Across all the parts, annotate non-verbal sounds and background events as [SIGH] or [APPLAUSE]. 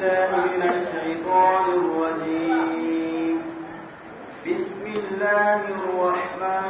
بالله من الشيطان الرجيم بسم الله الرحمن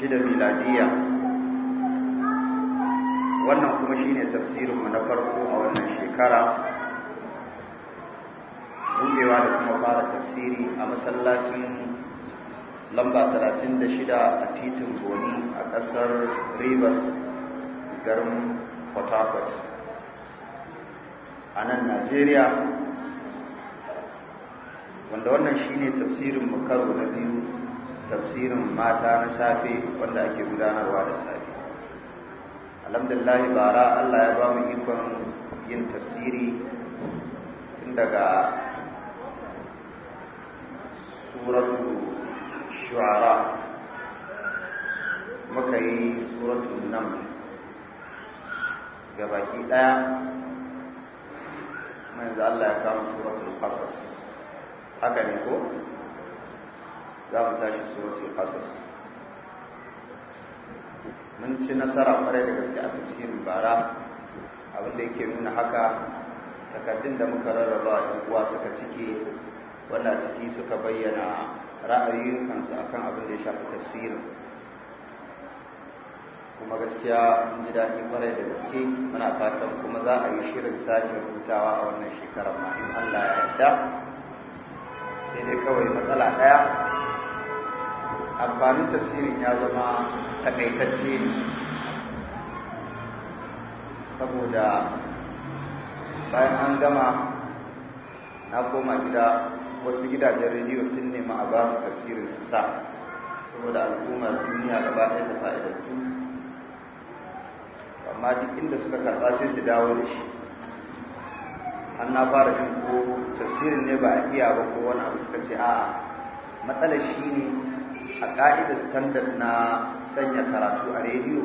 6 miladiya wannan kuma shi ne tafsirinmu na farko a wannan shekara bugewa da kuma fara tafsiri a masallacin lamba 36 a titin goni a ƙasar rivers garin port harcourt a nan najeriya wanda wannan shi tafsirin mu karo na biyu tafsirin mata na safe wanda ake gudanarwa da safe alhamdulillah bara allah ya ba mu ikon yin tafsiri tun daga suratu shu'ara muka yi suratu nan gabaki daya yanzu allah ya kama suratu qasas haka ne ko za mu tashi suratul qasas mun ci nasara kware da gaske a tafsirin bara Abin abinda yake nuna haka takardun da muka rarraba a uwa suka cike wanda ciki suka bayyana kansu akan abin da ya shafi tafsirin kuma gaskiya mun ji daɗi kware da gaske muna fatan kuma za a yi shirin sake hutawa a wannan shekarar ma in Allah ya yarda sai dai kawai matsala ɗaya amfanin tafsirin ya zama takaitacce ne saboda bayan an gama na koma gida wasu gidajen rediyo sun nema a basu su tafsirin su sa saboda al'ummar duniya gaba ɗaya ta fa'idattu amma duk inda suka karɓa sai su dawo da shi an na fara jin ko tafsirin ne ba a iya ba ko wani abu suka ce a'a matsalar shi ne a ƙa'idar standard na sanya karatu a rediyo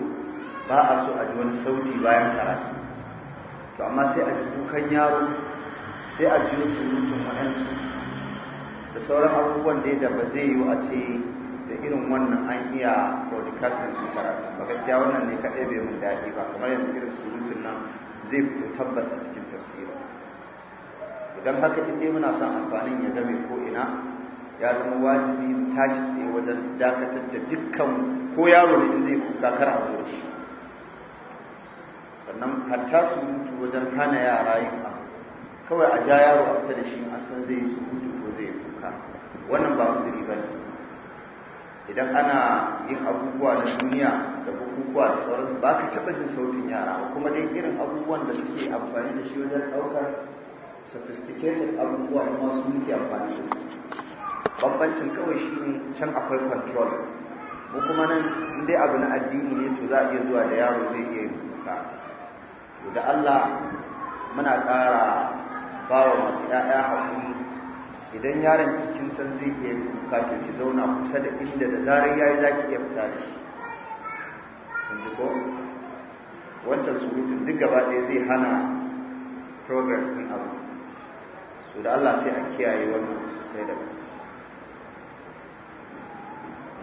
ba a so a ji wani sauti bayan karatu to amma sai a ji kukan yaro sai a ji surutun waɗansu da sauran abubuwan da da ba zai yi a ce da irin wannan an iya broadcasting ɗin karatu ba gaskiya wannan ne kaɗai bai mun daɗi ba kamar yanzu irin surutun nan zai fito tabbas a cikin tafsira idan haka inda muna son amfanin ya game ko ina ya zama wajibi mu tashi tsaye wajen dakatar da dukkan ko yaro ne in zai kuka kar a zo shi sannan hatta su mutu wajen hana yara yin abu kawai a ja yaro a fita da shi an san zai su mutu ko zai kuka wannan ba uzuri ba ne idan ana yin abubuwa na duniya da bukukuwa da sauransu ba ka taɓa jin sautin yara ba kuma dai irin abubuwan da suke amfani da shi wajen ɗaukar sophisticated abubuwa kuma su muke amfani da su bambancin kawai shi ne can akwai control ko kuma nan in dai abu na addini ne to za a iya zuwa da yaro zai iya yin kuka to da Allah muna ƙara ba wa masu ‘ya'ya haƙuri idan yaron kin san zai iya yin to ki zauna kusa da inda da zarar ya yi za ki iya fita da shi kun ji ko wancan surutun duk gaba ɗaya zai hana progress ɗin abu so da Allah sai a kiyaye wannan sai da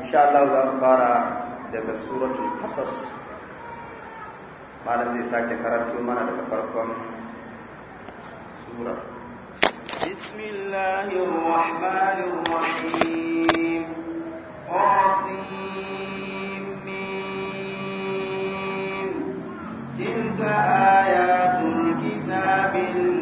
insha Allah za mu fara daga suratul qasas malam zai sake karanto mana daga farkon sura bismillahir rahmanir rahim qasim tilka ayatul kitabil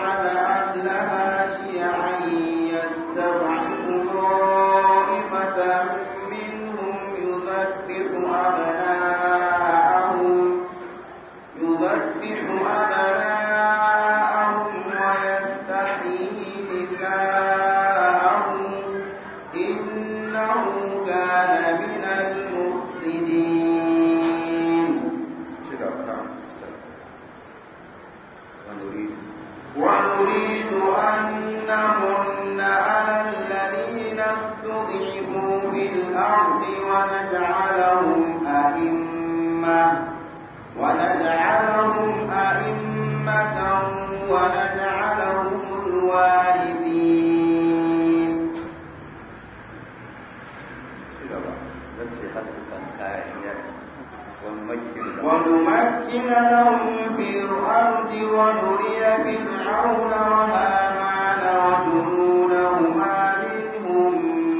لنفسدن لهم في الأرض ونري فرعون وهامان وجنودهما منهم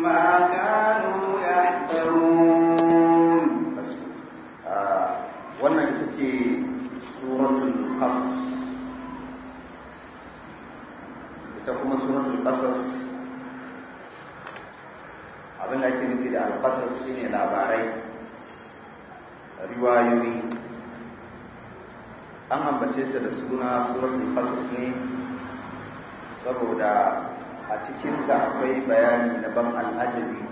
ما كانوا يحذرون. wannan ita ce suratul qasas ita kuma suratul qasas abin da ake nufi da al-qasas shine labarai riwayoyi an ambace ta da suna suratul qasas ne saboda a cikin ta akwai bayani na ban al'ajabi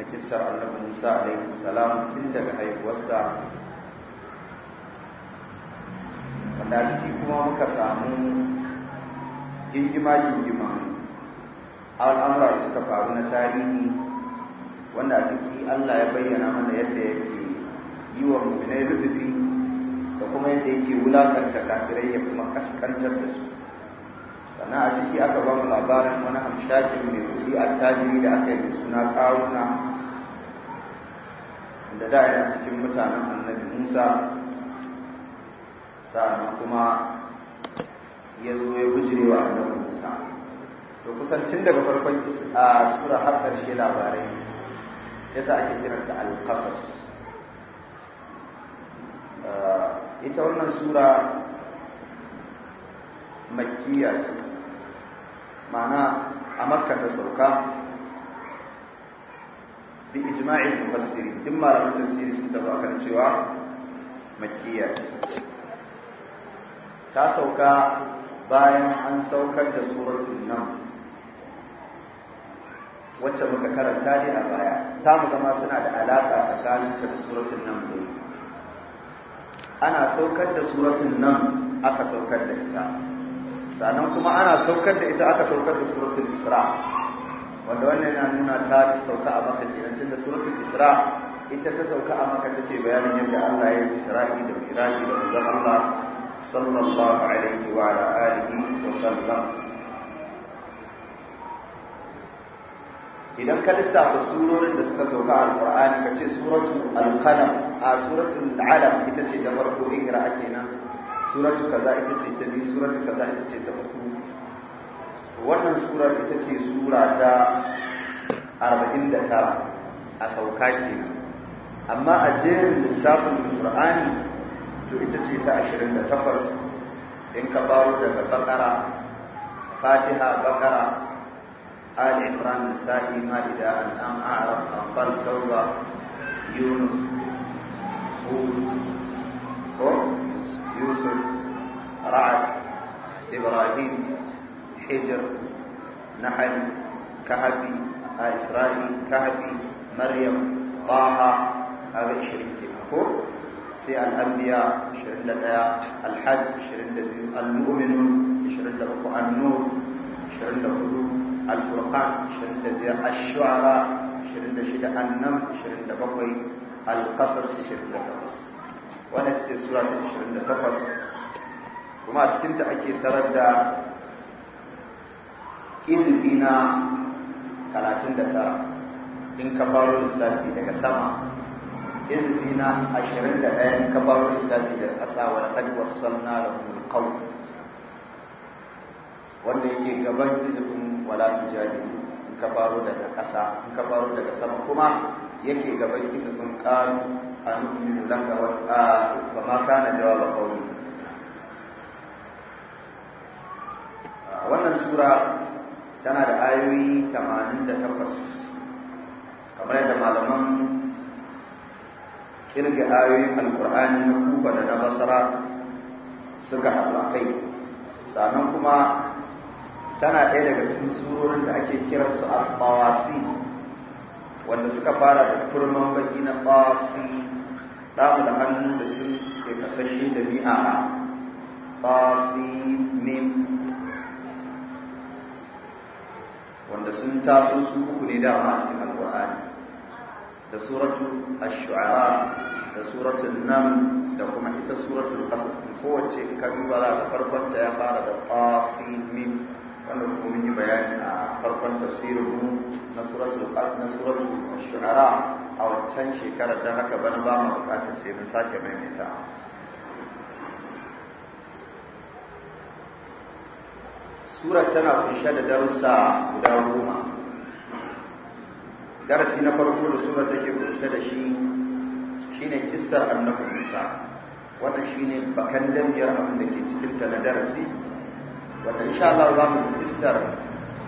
na kissar annabi Musa alaihi salam tun daga haihuwarsa wanda a ciki kuma muka samu gingima-gingima al'amura suka faru na tarihi wanda a ciki Allah ya bayyana mana yadda yake yi wa muminai rubufi kuma yadda yake wulakanta kafirai ya kuma kaskantar da su sannan a ciki aka ba mu labarin wani hamshakin mai kuɗi a tajiri da aka yi da suna ƙaruna da da yana cikin mutanen annabi musa sannan kuma ya zo ya bujire wa musa to kusancin daga farkon a sura har shi labarai yasa ake kiranta al-qasas ah, ita wannan sura Makiya ce ma'ana a makka ta sauka bi ijma'in mufassiri duk malamin tafsiri sun tafi akan cewa Makiya. ce ta sauka bayan an saukar da suratul nan wacce muka karanta ne a baya za mu gama suna da alaƙa tsakaninta da suratul nan ne ana saukar da suratun nan aka saukar da ita sannan kuma ana saukar da ita aka saukar da suratun isra wanda wannan yana nuna ta sauka a maka kenan da suratun isra ita ta sauka a maka take bayanin yadda Allah ya yi isra'i da iraki da manzon Allah sallallahu alaihi wa alihi wa sallam idan ka lissafa surorin da suka sauka a alƙur'ani ka ce suratul alqalam a suratul alam ita ce ta farko ikra kenan suratu kaza ita ce ta biyu suratu kaza ita ce ta farko. wannan surar ita ce sura ta 49 a sauka kenan amma a jerin lissafin alqur'ani to ita ce ta 28 in ka baro daga bakara fatiha bakara آل عمران نسائي مالدة الآن أعرف أقبل توبة يونس هود يوسف رعد إبراهيم حجر نحل كهبي آل إسرائيل كهبي مريم طه هذا شريك تقول سي الأنبياء شرد الأيا الحج شرد المؤمنون شرد القرآن النور شرد القلوب الفرقان 25 الشعراء 26 النم 27 القصص 28 wannan ita ce sura ta 28 kuma a cikinta ake tarar da izubi na 39 in ka faro lissafi daga sama izubi na 21 da ka faro lissafi daga ƙasa wa laqad wassalna lahum alqawl wanda yake gaban izubin wala tujadilu in ka faro daga ƙasa in ka faro daga sama kuma yake gaban izinin qalu anu'minu laka wa ma kana jawaba qawli wannan sura tana da ayoyi 88 kamar yadda malaman kirga ayoyin alkur'ani na kufa da na basara suka haɗu a kai sannan kuma tana ɗaya daga cikin surorin da ake kiransu al-tawasi wanda suka fara da kurman baki na tawasi ɗamu da hannu da sun ke kasashe da a tawasi mim wanda sun taso su uku ne dama a cikin alwa'ani da suratu ash-shu'ara da suratu nam da kuma ita suratul qasas kowace in ka duba za ka farkon ta ya fara da tawasi mim wanda kuma mun yi bayani a farkon tafsirin mu na suratul na suratul shu'ara a wancan shekarar da haka bana ba mu bukatar sai mun sake maimaita Sura tana kunshe da darussa guda goma darasi na farko da surar take kunshe da shi shine kissar annabi Musa wannan shine bakan dambiyar abin da ke cikin ta na darasi wanda insha Allah za mu kissar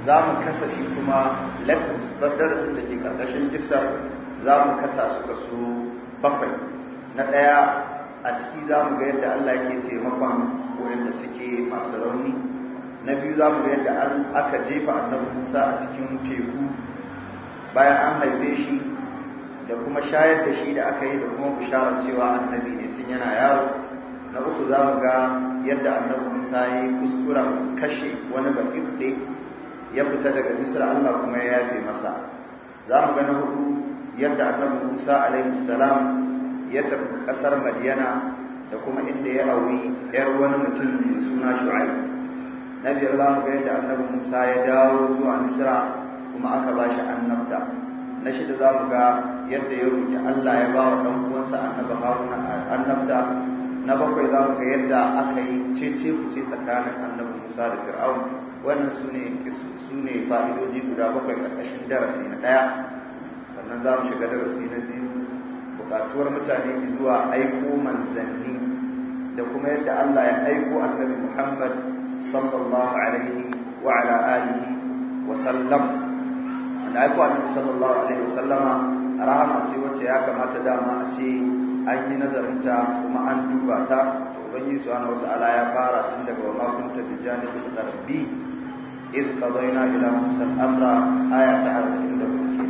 za mu kasa shi kuma lessons darasin da ke karkashin kissar za mu kasa su kaso bakwai na ɗaya a ciki za mu ga yadda Allah yake taimakon waɗanda suke masu rauni na biyu za mu ga yadda aka jefa annabi Musa a cikin teku bayan an haife shi da kuma shayar da shi da aka yi da kuma bisharar cewa annabi ne tun yana yaro na uku za mu ga yadda annabi musa ya yi kuskuren kashe wani baƙiɗe ya fita daga misir allah kuma ya yafe masa za mu ga na hudu yadda annabi musa alaihi salam ya tafi ƙasar madiyana da kuma inda ya auri yar wani mutum mai suna shu'ai na biyar za mu ga yadda annabi musa ya dawo zuwa misra kuma aka ba shi annabta na shida za mu ga yadda ya roƙi allah ya ba wa ɗan uwansa annabi haruna annabta na bakwai za mu ga yadda aka yi cece kuce tsakanin annabi musa da fir'aun wannan su ne su ne fa'idoji guda bakwai ƙarƙashin darasi na ɗaya sannan za mu shiga darasi na biyu buƙatuwar mutane zuwa aiko manzanni da kuma yadda allah ya aiko annabi muhammad sallallahu alaihi wa ala alihi wa sallam an aiko annabi sallallahu alaihi wa sallama rahama ce wacce ya kamata dama a ce an yi ta kuma an duba ta ubangiji subhanahu wata'ala ya fara tun daga wa kunta bi janibin id qadayna ila musa amra aya ta 44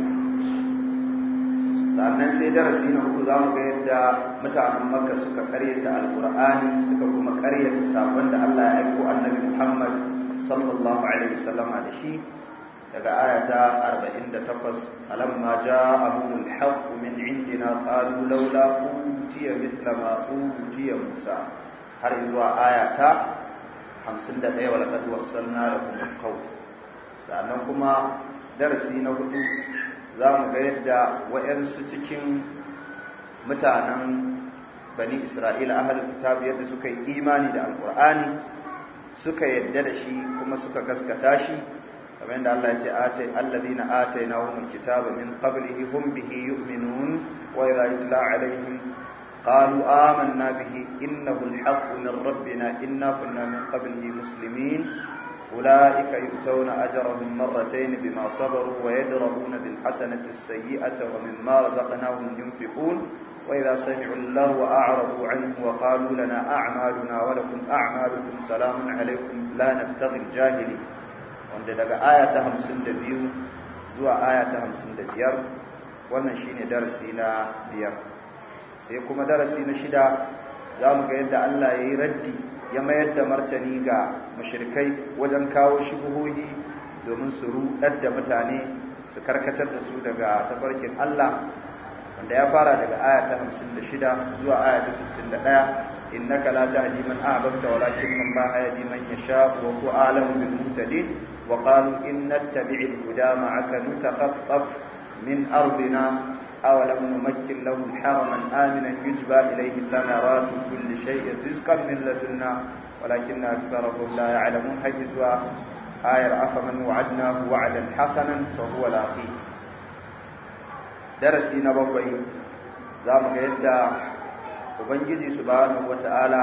sannan sai darasi na uku zamu ga yadda mutanen maka suka karyata al'kur'ani suka kuma karyata sabon da Allah ya aiko annabi Muhammad sallallahu alaihi wasallam da shi daga ayata ta 48 alamma ja'ahumul min indina kalu laula utiya mithla ma utiya Musa har zuwa ayata 51 wa laqad wassalna lakum qaw sannan kuma darasi na hudu zamu ga yadda wayansu cikin mutanen bani Isra'ila ahlul kitab yadda suka yi imani da alqur'ani suka yadda da shi kuma suka gaskata shi kamar yadda Allah ya ce atai alladhina atainahumul kitaba min qablihi hum bihi yu'minun wa idha yutla alaihim قالوا آمنا به إنه الحق من ربنا إنا كنا من قبله مسلمين أولئك يؤتون أجرهم مرتين بما صبروا ويدرؤون بالحسنة السيئة ومما رزقناهم ينفقون وإذا سمعوا الله أعرضوا عنه وقالوا لنا أعمالنا ولكم أعمالكم سلام عليكم لا نبتغي الجاهلين wanda daga aya ta hamsin da biyu zuwa aya ta hamsin da biyar wannan shine darasi na biyar sai kuma darasi na shida za mu ga yadda Allah ya yi raddi ya mayar da martani ga mashirkai wajen kawo buhohi domin su ruɗar da mutane su karkatar da su daga tafarkin Allah wanda ya fara daga ayata 56 zuwa ayata ta 61 innaka la tahdi man ahbabta walakin Allah yahdi man yasha wa ku a'lamu bil muhtadin wa qalu in nattabi'il huda ma'aka nutakhaffaf min ardina أولم نمكن لهم حرما آمنا يجبى إليه ثمرات كل شيء رزقا من لدنا ولكن أكثرهم لا يعلمون حجزوا آية أفمن وعدناه وعدا حسنا فهو لاقيه درسي نبوي zamu ga yadda ubangiji subhanahu wata'ala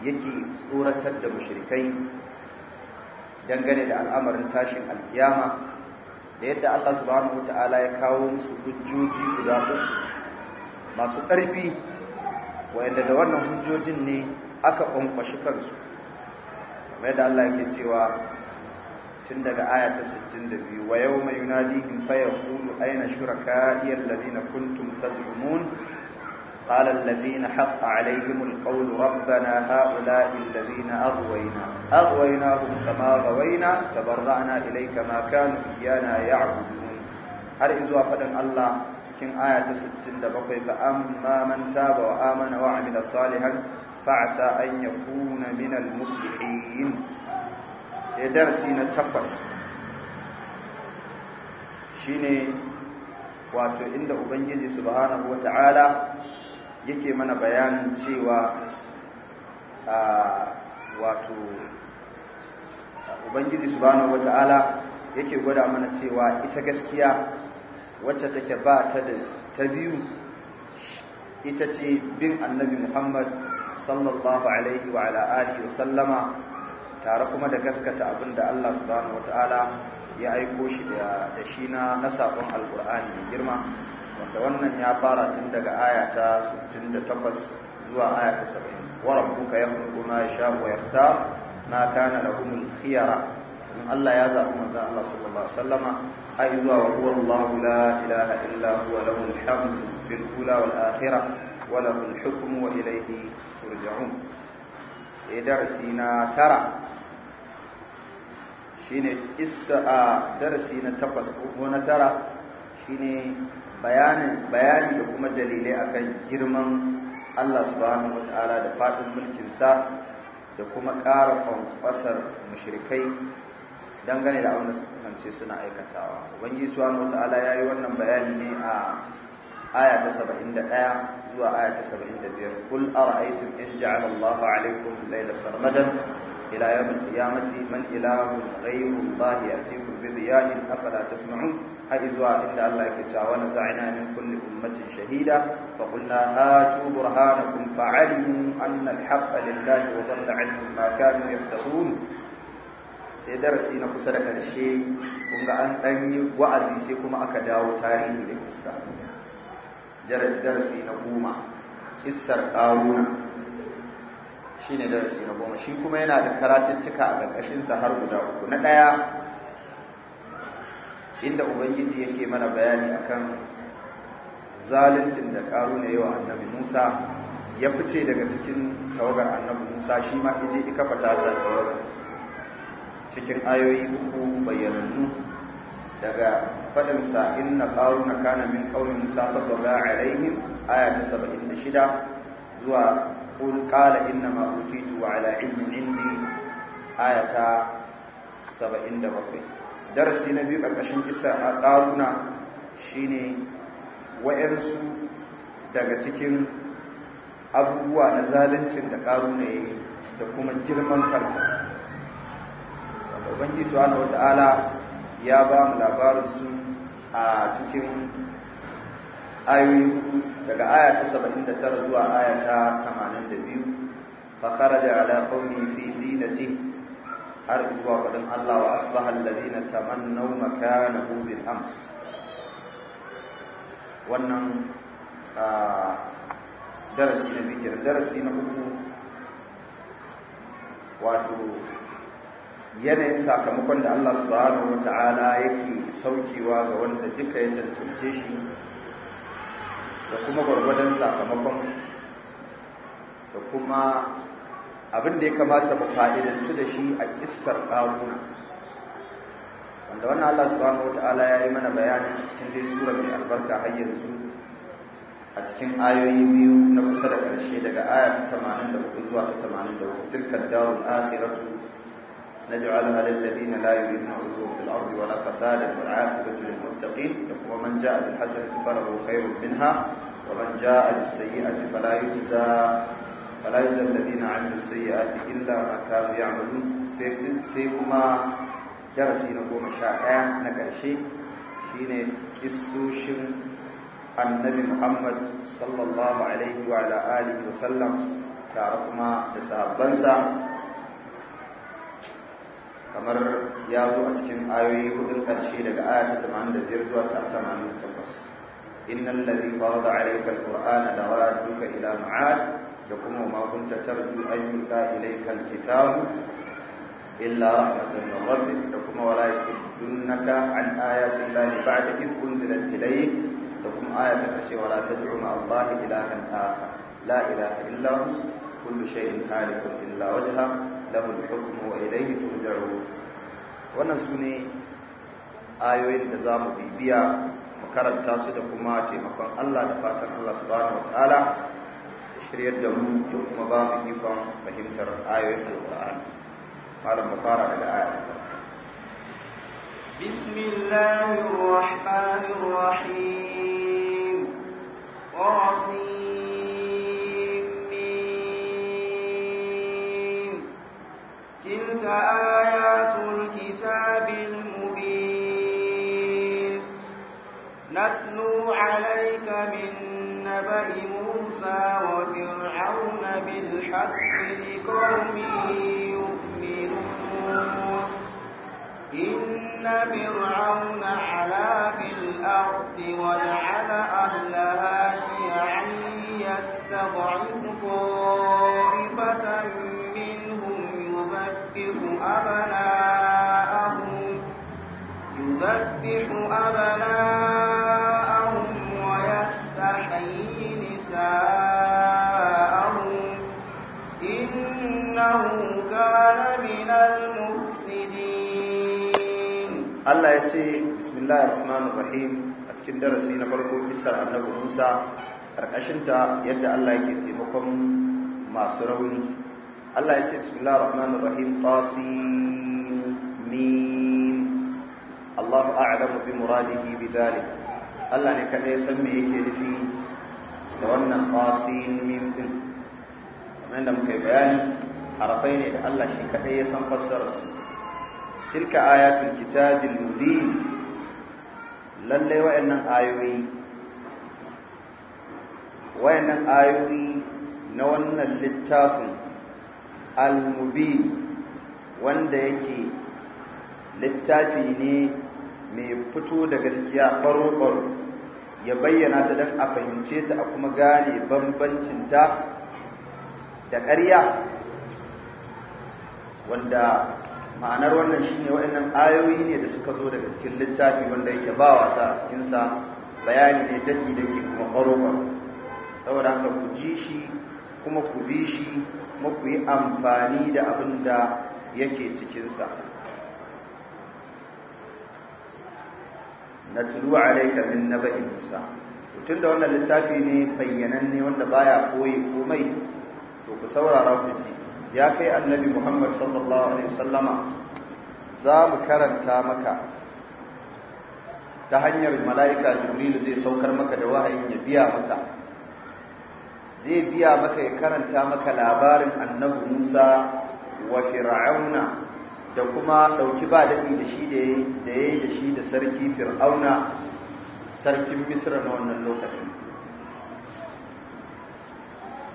yake tsoratar da mushrikai dangane da al'amarin tashin alkiyama da yadda Allah subhanahu wata'ala ya kawo musu hujjoji guda uku masu ƙarfi wanda da wannan hujjojin ne aka kwankwashi kansu kamar yadda Allah yake cewa tun daga aya ta 62 wa yawma yunadihim fa yaqulu ayna shuraka'iyal ladina kuntum tazumun قال الذين حق عليهم القول ربنا هؤلاء الذين أغوينا أغويناهم كما غوينا تبرأنا إليك ما كانوا إيانا يعبدون har izuwa faɗin Allah cikin aya ta 67 fa amma man taba wa amana wa amila salihan fa asa an yakuna min al sai darsi na takwas shine wato inda ubangiji subhanahu wataala yake mana bayanin cewa wato ubangiji subhanahu wata'ala yake gwada mana cewa ita gaskiya wacce take ba ta da ta biyu ita ce bin annabi muhammad sallallahu alaihi wa ala'alihi wasallama tare kuma da gaskata abinda da allah subhanahu wata'ala ya aiko shi da shi na saƙon alƙur'ani mai girma da wannan ya fara tun daga aya ta 68 zuwa aya ta 70 wa rabbuka yakhluqu ma yasha'u wa yakhtar ma kana lahum al-khiyara in Allah ya zabi manzon Allah sallallahu alaihi wasallama ai zuwa wa huwa Allahu la ilaha illa huwa lahu al-hamdu fil ula wal akhirah wa lahu al-hukmu wa ilayhi turja'un sai darasi na tara shine isa darasi na takwas ko na tara shine bayani da kuma dalilai akan girman Allah subhanahu wata'ala da faɗin mulkinsa da kuma ƙara kwankwasar mushrikai dangane da abin da suka kasance suna aikatawa ubangiji subhanahu wata'ala ya yi wannan bayani ne a aya ta 71 zuwa aya ta 75 kul ara'aytum in ja'ala Allahu alaykum layla sarmadan ila yawm al-qiyamati man ilahun ghayru Allah yatikum bi diyain afala tasma'un har zuwa inda Allah yake cewa wa naza'ina min kulli ummatin shahida fa qulna hatu burhanakum alimu anna al-haqqa lillahi wa dhalla 'anhum ma kanu yaftahun sai darasi na kusa da karshe kun ga an dan yi wa'azi sai kuma aka dawo tarihi da kissa darasi na goma kissar qaruna shine darasi na goma shi kuma yana da karatuttuka a sa har guda uku na ɗaya inda ubangiji yake mana bayani akan zaluncin da karuna yawa annabi musa ya fice daga cikin tawagar annabi musa shi ma ije ika fata sa tawagar cikin ayoyi uku bayyanannu daga faɗinsa inna karuna kana min ƙaunin musa fa baga alaihim aya ta saba'in da shida zuwa قل قال إنما أوتيت على علم عندي saba'in da bakwai. darasi na biyu ƙarƙashin isa a ɗaruna shine wa'yansu daga cikin abubuwa na zaluncin da ƙaruna ya yi da kuma girman kansa ubangiji na wata'ala ya ba mu labarin su a cikin ayoyi daga aya ta 79 zuwa ayata 82 fa kharaja ala qawmi fi zinatihi har zuwa faɗin Allah wa asbahal ladina tamannaw makanahu bil ams wannan darasi na bikin darasi na uku wato yanayin sakamakon da Allah subhanahu ta'ala yake saukewa ga wanda duka ya cancance shi da kuma gwargwadon sakamakon da kuma abin da ya kamata mu fa'idantu da shi a kissar ƙaruna wanda wannan Allah subhanahu wata'ala ya yi mana bayanin a cikin dai sura mai albarka har yanzu a cikin ayoyi biyu na kusa da ƙarshe daga aya ta 83 zuwa ta 84 tilkan darul akhiratu naj'alha lil ladina la yuriduna 'uluwan fil ardi wala fasada wal 'aqibatu lil muttaqin wa man ja'a bil hasanati falahu khayrun minha wa man ja'a bis sayyi'ati fala yujza wala yuzal ladina amilu sayyi'ati illa ma kanu ya'malun sai kuma darasi na goma sha ɗaya na karshe shine kissoshin annabi muhammad sallallahu tare kuma da kamar ya zo a cikin ayoyi hudun ƙarshe daga aya ta 85 zuwa ta 88 innal ladhi farada alayka alqur'ana lawaduka ila ma'ad da kuma ma kunta tarju an yuda ilayka alkitab illa rahmatan min rabbik da kuma wala yasuddunaka an ayati llahi ba'da id unzilat ilayk da kuma ta kashe wala tad'u ma allahi ilahan akhar la ilaha illa hu kullu shay'in halikun illa wajha lahu al-hukmu wa ilayhi turja'un wannan sune ayoyin da zamu bibiya mu karanta su da kuma taimakon Allah da fatan Allah subhanahu wa ta'ala shiryar da mu ya kuma ba mu ikon fahimtar ayoyin alƙur'ani malam mu fara da aya بسم الله الرحمن الرحيم ورسيم تلك آيات الكتاب المبين نتلو عليك من نبأ وفرعون بالحق لقوم يؤمنون إن فرعون علا في الأرض وجعل أهلها شيعا يستضعف طائفة منهم يذبح أبناءهم يذبح أبناءهم Allah ya ce bismillahir rahmanir rahim a cikin darasi na farko kissar annabi Musa karkashinta yadda Allah yake taimakon masu rauni Allah ya ce bismillahir rahmanir rahim qasim mim Allah a'lamu bi muradihi bidhalik Allah ne kadai san me yake nufi da wannan qasim mim din kamar yadda muka bayani harafai ne da Allah shi kadai ya san fassararsu tilka ayatul kitabil mubin lalle wayannan ayoyi wayannan ayoyi na wannan littafin al-mubin wanda yake littafi ne mai fito da gaskiya baro-baro ya bayyana ta don a fahimce ta a kuma gane bambancinta da ƙarya wanda ma'anar wannan shi ne waɗannan ayoyi ne da suka zo daga cikin littafi wanda yake ba wasa a cikinsa bayani ne da ke kuma ƙwarowar saboda haka ku ji shi kuma ku bi shi kuma yi amfani da abin da yake cikinsa na tulu alaika min ba'in musa tun da wannan littafi ne ne wanda baya koyi komai to ku saurara ku ji ya kai annabi Muhammad sallallahu alaihi wasallama za mu karanta maka ta hanyar mala'ika jibril zai saukar maka da wahayin ya biya maka zai biya maka ya karanta maka labarin annabi Musa wa fir'auna da kuma ɗauki ba daɗi da shi da ya da shi da sarki fir'auna sarkin misra na wannan lokacin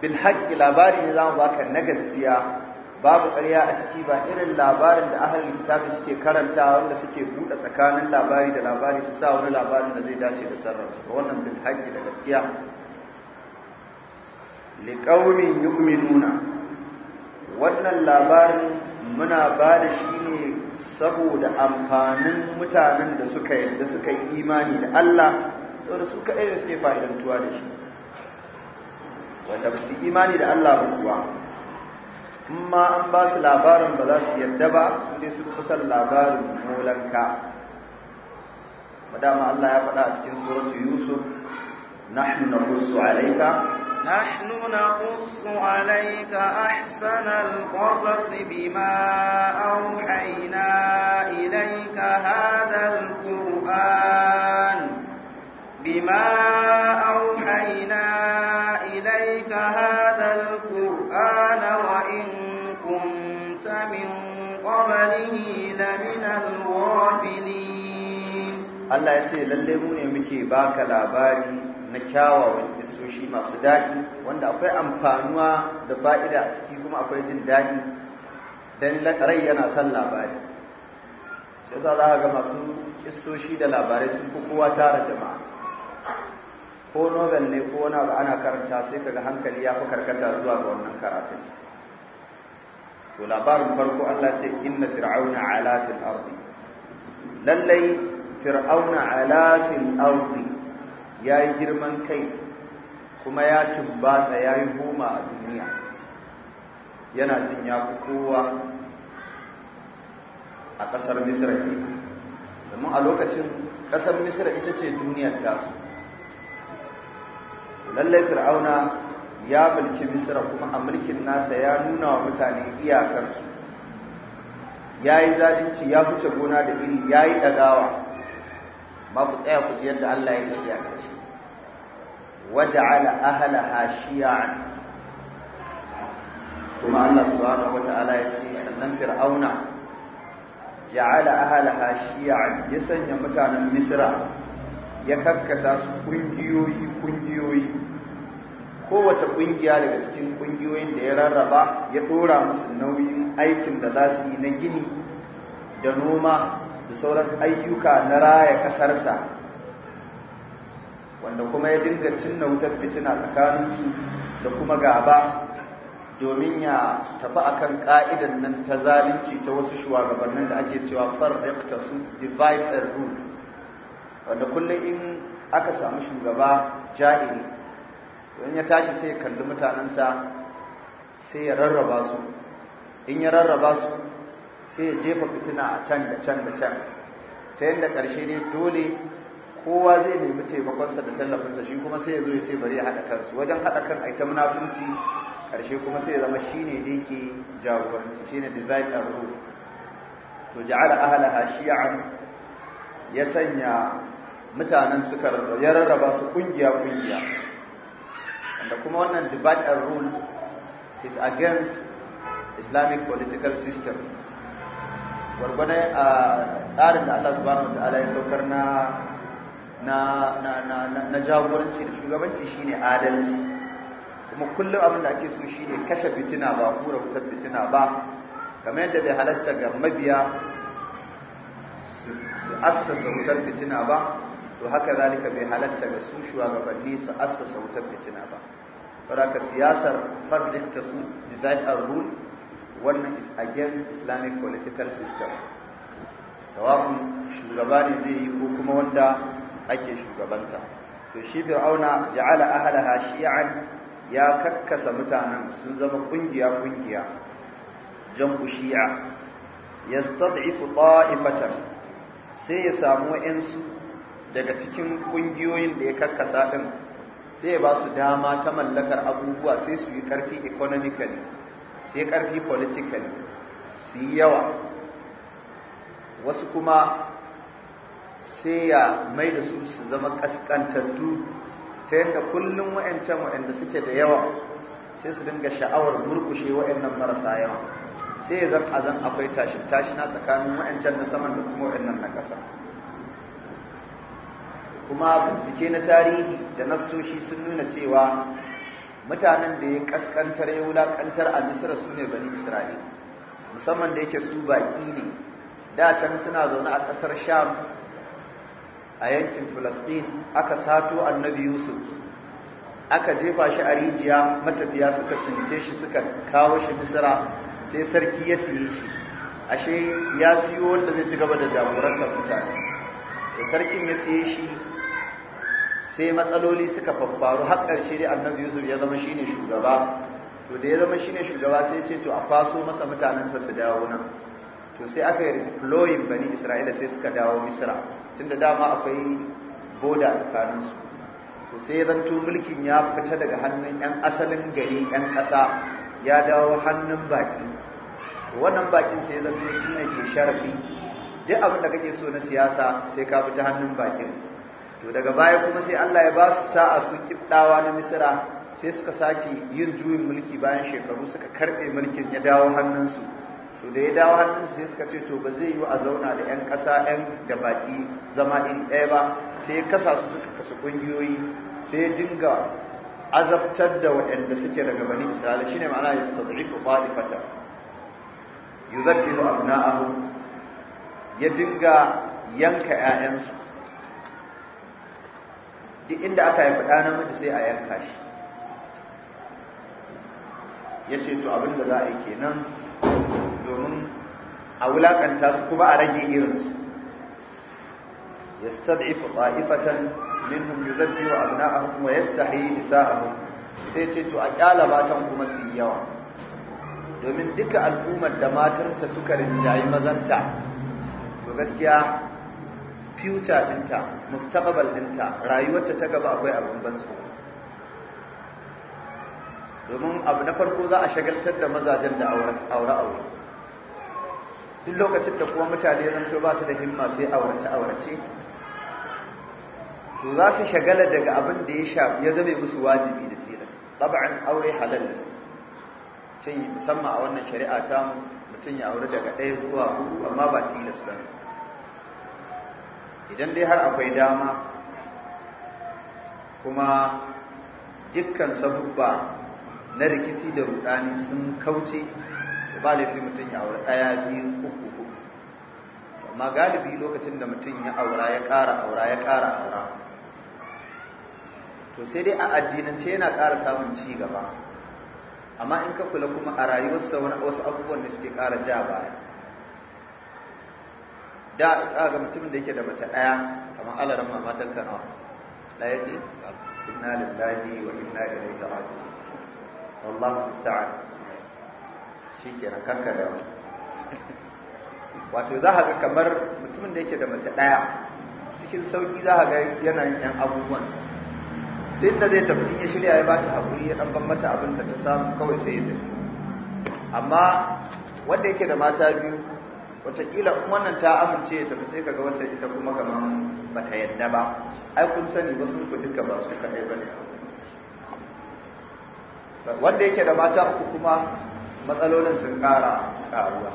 bil haqqi labari ne zamu baka na gaskiya babu ƙarya a ciki ba irin labarin da ahalin littafi suke karanta wanda suke buɗe tsakanin labari da labari su sa wani labarin da zai dace da sarrafa ba wannan bil da gaskiya liqaumin yu'minuna wannan labarin muna ba da shi ne saboda amfanin mutanen da suka suka yi imani da Allah saboda su kaɗai da suke fa'idantuwa da shi wanda ba su imani da Allah ba kuwa in ma an ba su labarin ba za su yarda ba su dai sun kusan labarin molanka madama Allah ya faɗa a cikin suratu yusuf nahnu naqussu alayka نحن نقص عليك أحسن القصص بما أوحينا إليك هذا القرآن بما أوحينا هذا القرآن وإن كنت من قبله لمن الغافلين الله muke baka labari na kyawawan isoshi masu daɗi wanda akwai amfanuwa da fa'ida a ciki kuma akwai jin daɗi don rai yana son labari shi za ga masu isoshi da labarai sun fi kowa tara jama'a ko novel ne ko wani abu ana karanta sai kaga hankali ya fi karkata zuwa ga wannan karatun to labarin farko Allah ce inna fir'auna ala fil ardi lallai fir'auna ala fil ardi yayi girman kai kuma ya tumbatsa yayi homa a duniya yana jin ya fi kowa a ƙasar misra ke domin a lokacin ƙasar misra ita ce duniyar tasu lallai fir'auna ya mulki misra kuma a mulkin nasa ya nuna wa mutane iyakarsu ya yi zalunci ya fice gona da iri ya yi ɗagawa ba ku tsaya ku ji yadda allah ya yi iyakarsu waja'ala ahlaha hashiyan kuma allah subhanahu ta'ala ya ce sannan fir'auna ja'ala ahlaha hashiyan ya sanya mutanen misra ya karkasa su kungiyoyi kungiyoyi kowace kungiya daga cikin kungiyoyin da ya rarraba ya dora musu nauyin aikin da za su yi na gini da noma da sauran ayyuka na raya kasarsa wanda kuma ya dinga cinna wutar fitina tsakaninsu da kuma gaba domin ya tafi akan ka'idan nan ta zalunci ta wasu shugabannin da ake cewa farriqta su divide and rule wanda kullum in aka samu shugaba ja'iri in ya tashi sai ya kalli mutanensa sai ya rarraba su in ya rarraba su sai ya jefa fitina a can da can da can ta yadda ƙarshe ne dole kowa zai nemi taimakonsa da tallafinsa shi kuma sai ya zo ya ce bari ya haɗa kansu wajen haɗa kan aita munafunci ƙarshe kuma sai ya zama shi ne da yake jagoranci shi ne design and rule to ja'ala ahalaha shi'an ya sanya mutanen suka rarraba su kungiya kungiya wanda kuma wannan divide and rule is against islamic political system gwargwane a ah, tsarin da allah subhanahu Ta'ala ya saukar na na jagoranci da shugabanci shine adalci kuma kullum abin da ake so shine kashe fitina ba kura wutar fitina ba kamar yadda bai halatta ga mabiya su assasa wutar fitina ba to haka zalika bai halatta ga su shugabanni su assasa wutar fitina ba ka siyasar public ta su design and rule wannan is against islamic political system sawa'un shugaba ne zai yi ko kuma wanda ake shugabanta to shi fir'auna ja'ala ahlaha shi'an ya kakkasa mutanen sun zama kungiya kungiya jam'u shi'a yastad'ifu ta'ifatan sai ya samu 'yansu daga cikin ƙungiyoyin da ya karkasa ɗin sai ya ba su dama ta mallakar abubuwa sai su yi karfi economically sai karfi politically su yi yawa wasu kuma sai ya mai da su su zama kaskantattu ta yadda kullum wa'ancan waɗanda suke da yawa sai su dinga sha'awar murkushe wa'annan marasa yawa sai ya zan akwai tashin tashina tsakanin wa'ancan na saman da kuma wa'annan na ƙasa kuma bincike na tarihi da nassoshi sun nuna cewa mutanen da ya kaskantar ya wulaƙantar a Misira su ne bani isra'il musamman da yake su baƙi ne da can suna zaune a ƙasar sham a yankin Filistin aka sato annabi Yusuf aka jefa shi a rijiya matafiya suka tsince shi suka kawo shi Misira, sai sarki ya siye shi ashe ya siyo wanda zai ci gaba da jagorantar mutane da sarkin ya siye shi sai matsaloli suka faffaru har ƙarshe dai annabi yusuf ya zama shine shugaba to da ya zama shine shugaba sai ce to a faso masa mutanensa su dawo nan to sai aka yi deploying bani isra'ila sai suka dawo misra tunda dama akwai boda tsakaninsu to sai zanto mulkin ya fita daga hannun yan asalin gari yan ƙasa ya dawo hannun baki wannan bakin sai zanto shi ne ke sharafi duk abin da kake so na siyasa sai ka fita ta hannun bakin to daga baya kuma sai Allah ya ba su sa'a su kibdawa na Misra sai suka saki yin juyin mulki bayan shekaru suka karbe mulkin ya dawo hannunsu to da ya dawo hannun su sai suka ce to ba zai yi a zauna da yan kasa yan da baki zama iri ɗaya ba sai ya kasa su suka kasu ƙungiyoyi sai ya dinga azabtar da waɗanda suke daga bani Isra'ila shine ma'ana yastad'ifu ta'ifata yuzakkiru abna'ahum ya dinga yanka 'ya'yansu duk inda aka haifi ɗa namiji sai a yanka shi ya ce to abinda za a yi kenan domin a wulakanta su kuma a rage irinsu يستضعف طائفة منهم يذبح أبناءهم ويستحيي نساءهم sai ce to a kyala matan kuma su yi yawa domin duka al'ummar da matanta suka rinjayi mazanta to gaskiya future ɗinta mustaqbal ɗinta rayuwarta ta gaba akwai abin ban tsoro domin abu na farko za a shagaltar da mazajen da aure aure duk lokacin da kuma mutane zanto ba su da himma sai aurace aurace to za su shagala daga abin da ya ya zame musu wajibi da tilas tab'an aure halal ne musamman a wannan shari'a ta mutum ya aure daga ɗaya zuwa huɗu amma ba tilas ba ne idan dai har akwai dama kuma dukkan sabubba na rikici da rudani sun kauce da ba fi mutum ya aura ɗaya biyu uku uku amma galibi lokacin da mutum ya aura ya ƙara aura ya ƙara aura to sai dai a addinance yana ƙara samun ci gaba amma in ka kula kuma a rayuwarsa wasu abubuwan da suke ƙara ja baya da ga mutumin da yake da mace ɗaya kamar alaran mamatan nawa la ya ce inna lillahi wa inna ilaihi raji'un wallahu musta'an shikenan karka da wato za ga kamar mutumin da yake da mace ɗaya cikin sauki za ga yana yan sa duk da zai tafi in ya shirya ya bata hakuri ya dan ban mata abin da ta samu kawai sai ya tafi amma wanda yake da mata biyu wataƙila wannan ta amince ta tafi sai kaga wacce ita kuma kamar ba ta yadda ba ai kun sani wasu ku duka ba su kaɗai ba ne wanda yake da mata uku kuma matsalolin sun ƙara ƙaruwa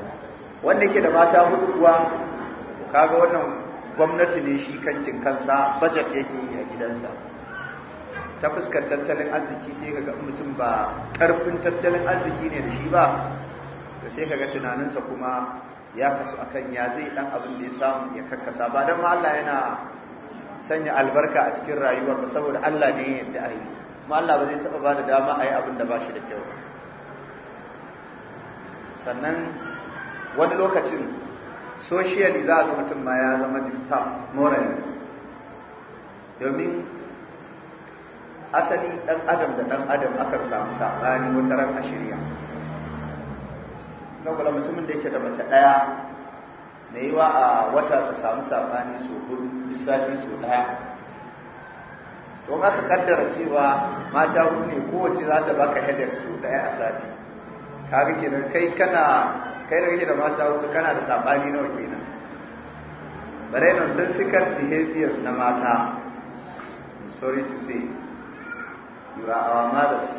wanda yake da mata hudu kuwa kaga wannan gwamnati ne shi kankin kansa bajet yake yi a gidansa ta fuskar tattalin arziki sai kaga mutum ba ƙarfin tattalin arziki ne da shi ba sai kaga tunaninsa kuma ya kasu akan ya zai dan abin da ya samu ya kakasa, ba don Allah yana sanya albarka a cikin rayuwar ba saboda Allah ne yadda a yi ma Allah ba zai taɓa ba da dama a yi abin da ba shi da kyau sannan wani lokacin socially za a zama mutum ma ya zama distant morally domin asali ɗan adam da ɗan adam akan samu sabani wata a shirya na mutumin da yake da mace ɗaya mai yiwa a wata su samu sabani su hudu sati su ɗaya To aka kaddara cewa mata hudu ne kowace za ta baka hedar su ɗaya a sati rike da kai kana kai da kake da mata hudu kana da sabani nawa kenan bare nan sun sensical behaviors na mata I'm sorry to say you are our mothers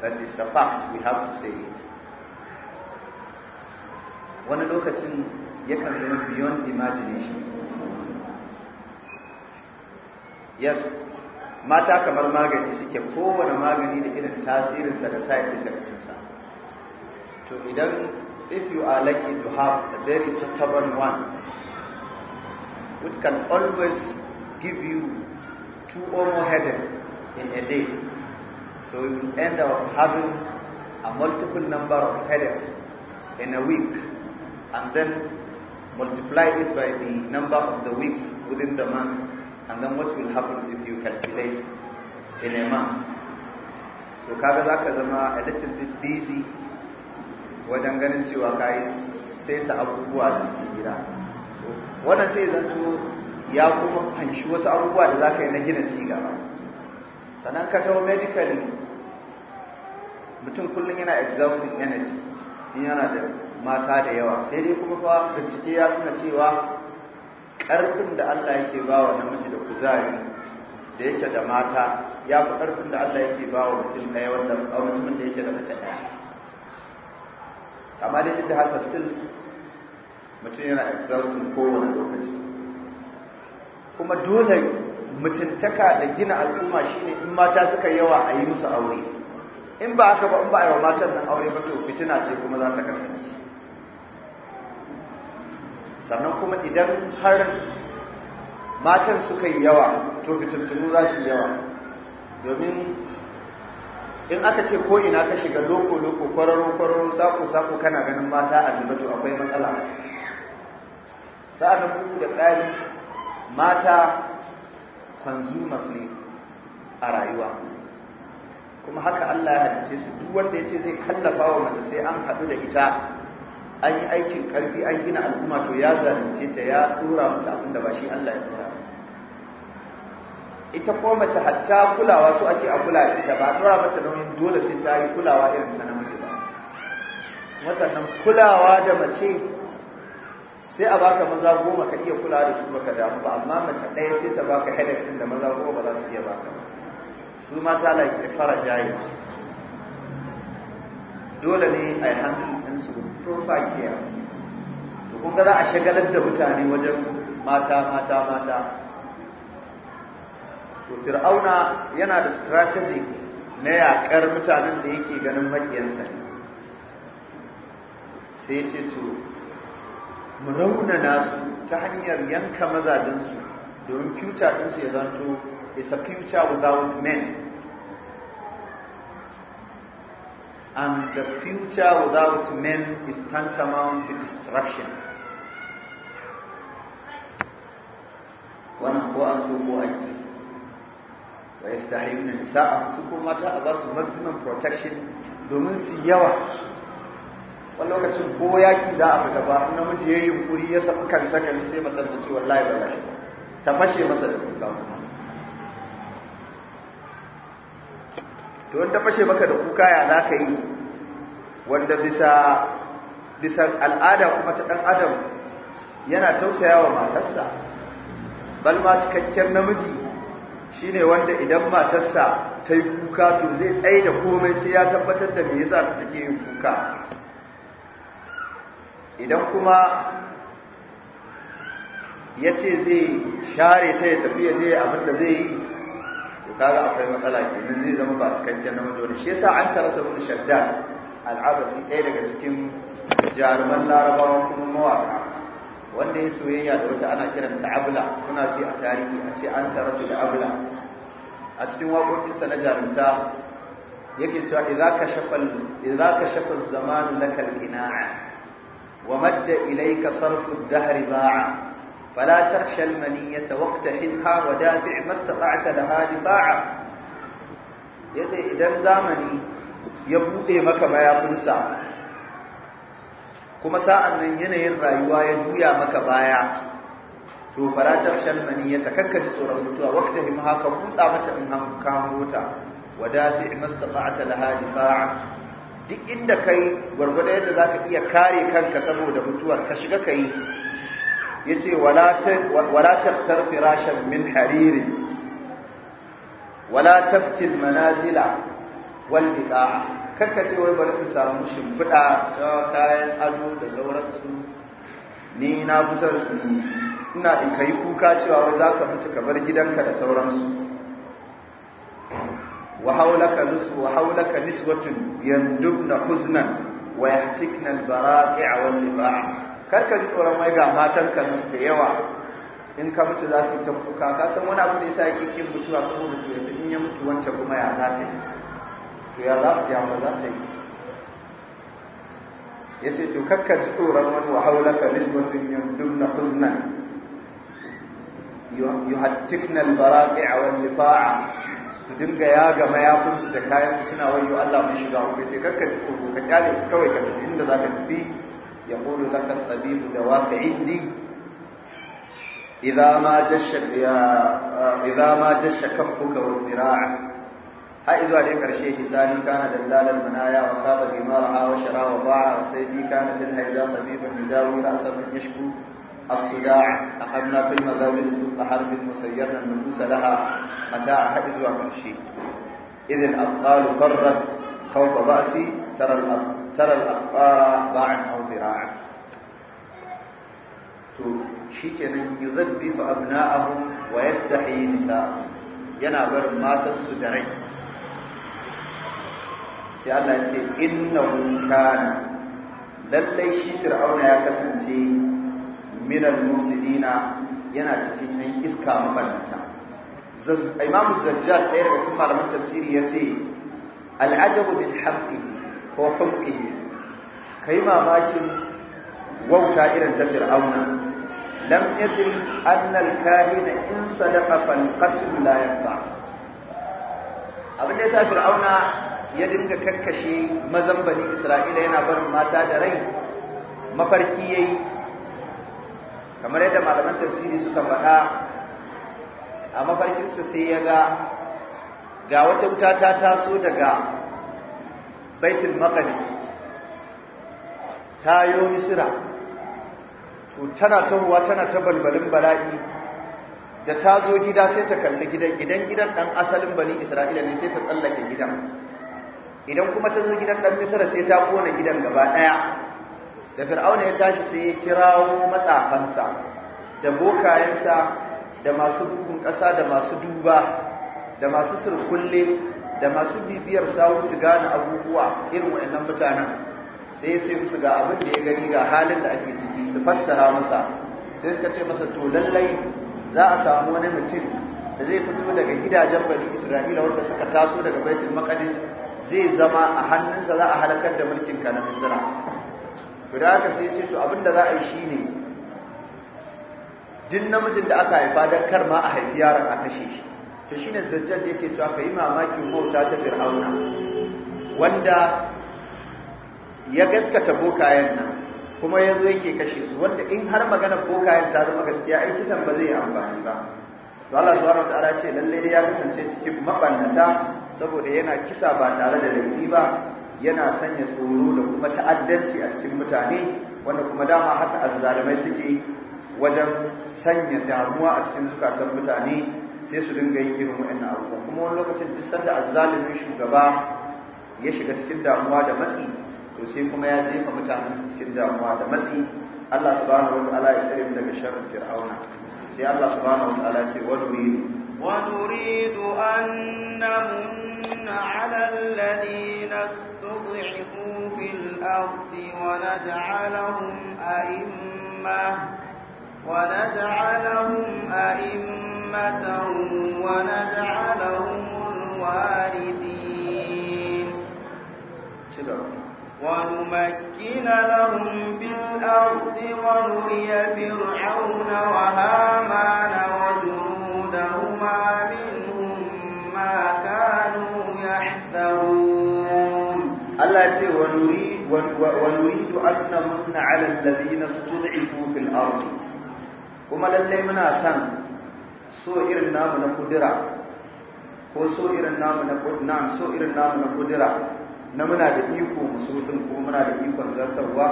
that is a fact we have to say it wani lokacin yakan zama beyond imagination yes mata kamar magani suke kowane magani da irin tasirinsa da side effectinsa to idan if you are lucky to have a very stubborn one which can always give you two or more headaches in a day so you end up having a multiple number of headaches in a week and then multiply it by the number of the weeks within the month and then what will happen if you calculate in a month so kaga zaka zama a little bit busy wajen ganin cewa kai sai ta abubuwa da cikin gida wannan sai zanto ya kuma fanshi wasu abubuwa da za yi na gina cigaba sannan ka taho medically mutum kullum yana exhausting energy in yana da mata da yawa sai dai kuma fa bincike ya nuna cewa ƙarfin da Allah yake ba wa namiji da kuzari da yake da mata ya fi ƙarfin da Allah yake ba wa mutum ɗaya wanda a mutumin da yake da mace ɗaya amma dai duk da haka still mutum yana exhausting kowane lokaci kuma dole mutuntaka da gina al'umma shine in mata suka yawa a yi musu aure in ba haka ba in ba a yi wa matan nan aure ba to fitina ce kuma za ta kasance sannan kuma idan har matan suka yi yawa to fitattunu za su yi yawa domin in aka ce ko ina ka shiga loko-loko kwararo-kwararo sako-sako kana ganin mata a zubatu akwai matsala sa'adar kuku da ƙari mata consumers ne a rayuwa kuma haka Allah ya halice su duk wanda ya ce zai kallafa wa mace sai an haɗu da ita an yi aikin karfi an gina al'umma to ya zalunce ta ya dora mata abin da ba shi Allah ya dora ita ko mace hatta kulawa su ake a kula ita ba dora mata nauyin dole sai ta yi kulawa irin ta namiji ba wasannan kulawa da mace sai a baka maza goma ka iya kulawa da su baka damu ba amma mace ɗaya sai ta baka headache ɗin da maza goma ba za su iya baka su mata jayi su dole ne a yi hankali ɗin su profa to kun ga a shagalar da mutane wajen mata mata mata to fir'auna yana da strategic na yaƙar mutanen da yake ganin maƙiyansa sai ce to mu raunana su ta hanyar yanka mazajensu domin future ɗinsu ya zanto is a future without men and the future without men is tantamount to destruction wannan ko an so ko yi wa ya stahi na a su ko mata a ba su maximum protection domin su yawa wani lokacin ko yaƙi za a fita ba namiji ya yi yunkuri ya safi kan sakani sai matsanta ce wallahi ba ta fashe masa da kuka kuma to wanda fashe maka da kuka ya za ka yi wanda bisa bisa al'ada kuma ta ɗan adam yana tausaya wa matarsa balma cikakken namiji shi ne wanda idan matarsa ta yi kuka to zai tsaye da komai sai ya tabbatar da mai yasa ta take yin kuka idan kuma ya ce zai share ta ya tafi ya je abin zai yi kaga akwai matsala kenan zai zama ba cikakken na wani shi yasa an tarata bin shaddan al'abasi ɗaya daga cikin jaruman larabawa kuma mawaka wanda ya soyayya da wata ana kiranta abla kuna ce a tarihi a ce an tarata da abla a cikin waƙoƙinsa na jarumta yake cewa idza kashafa idza kashafa zamanu na al wa madda ilayka sarfu dahri ba'a فلا تخشى المنية واقتحمها ودافع ما استطعت لها دفاعا يجي idan zamani ya bude maka يقنسا kuma sa'an nan yanayin rayuwa ya juya maka baya to تخشى المنية maniya ta وقتها tsoron mutuwa wakta him كاموتا ودافع ما استطعت لها دفاعا duk inda kai gwargwado yadda zaka iya kare kanka saboda mutuwar ka shiga kai yace wala takhtar firashan min hariri wala tabkil manazila wal biqa'a ce wai bari in samu shimfiɗa ta kayan ado da sauransu ni na kusa ina in kai kuka cewa wai zaka mutu ka bar gidanka da sauransu wa haulaka nisu wa haulaka niswatun yandubna huznan wa yahtikna al-baraqi'a wal kar ka ji tsoron mai ga matan ka da yawa in ka mutu za su yi tafuka, kuka ka san wani abu da yasa yake kin mutuwa saboda to yanzu in ya mutu wancan kuma ya za ta yi to ya za ta yi za ta yi ya ce to karka ji tsoron wani wa haulaka nisbatun yamdunna huznan yuhattikna albaraqi'a wal lifa'a su dinga ya ya mayafinsu da kayansu suna wayo Allah mun shiga uku ce kakka ji tsoro ka kyale su kawai ka tafi inda zaka tafi يقول لك الطبيب دواك عندي إذا ما جش إذا ما جش كفك والذراع حيث عليك رشي حساني كان دلال المنايا وخاض بما وشرا وشرى وضاع وسيدي كان في الهيجاء طبيبا يداوي رأس من يشكو الصداع أخذنا في المذاول سوق حرب وسيرنا النفوس لها متاع حيث وكرشي إذن الأبطال فرت خوف بأسي ترى الأرض tara al ba ba'an aw zira'an to shikenan yuzabbihu abna'ahum wa yastahi nisa'ahum yana bar matansu da rai sai Allah ya ce innahu kana lallai shi fir'auna ya kasance minal musidina yana cikin yan iska maballata imamu zajjaj ɗaya daga cikin malaman tafsiri ya ce al'ajabu min haƙƙihi ko hulkihi ka yi mamakin wauta irin ta fir'auna lam yadri annal kahina in sadaqa fal qatl la yanfa abin da yasa fir'auna ya dinga kakkashe mazan bani isra'ila yana barin mata da rai mafarki yayi kamar yadda malaman tafsiri suka faɗa a mafarkinsa sai ya ga ga wata wuta ta taso daga Baitin maqdis ta yo misira to tana tahowa tana ta balbalin bala'i da ta zo gida sai ta kalli gidan gidan gidan dan asalin bani isra'ila ne sai ta tsallake gidan idan kuma ta zo gidan ɗan misira sai ta kona gidan gaba ɗaya. da fir'auna ya tashi sai ya kirawo matsafansa da bokayensa da masu bugun ƙasa da masu duba da masu surkulle da masu bibiyar sawu su gane abubuwa irin waɗannan mutanen sai ya ce musu ga abin da ya gani ga halin da ake ciki su fassara masa sai suka ce masa to lallai za a samu wani mutum da zai fito daga gidajen bani isra'ila wanda suka taso daga baitul maqdis zai zama a hannunsa za a halakar da mulkin ka na misra to da sai ya ce to abin da za a yi shine din namijin da aka haifa don kar ma a haifi yaron a kashe shi to shine da yake cewa yi mamakin bauta ta fir'auna wanda ya gaskata bokayen nan kuma ya zo yake kashe su wanda in har maganar bokayen ta zama gaskiya ai kisan ba zai amfani ba to Allah subhanahu wataala ce lalle ya kasance cikin mabannata saboda yana kisa ba tare da laifi ba yana sanya tsoro da kuma ta'addanci a cikin mutane wanda kuma dama haka azzalumai suke wajen sanya damuwa a cikin zukatan mutane sai su dinga yin irin wa'annan abubuwan kuma wani lokacin duk sanda azzalimin shugaba ya shiga cikin damuwa da matsi to sai kuma ya jefa mutanen su cikin damuwa da matsi Allah subhanahu wataala ya tsare daga sharrin fir'auna sai Allah subhanahu wataala ya ce wa nuridu wa nuridu an namunna ala alladhina istud'ifu fil ardi wa naj'alahum a'imma ونجعلهم أئمة ونجعلهم الوارثين ونمكن لهم في الأرض ونري فرعون وهامان وجنودهما منهم ما كانوا يحذرون الله ونريد ونريد أن نمن على الذين استضعفوا في الأرض kuma lallai muna son so irin namu na kudura ko so irin namu na na'am so irin namu na kudura na muna da iko musulun ko muna da ikon zartarwa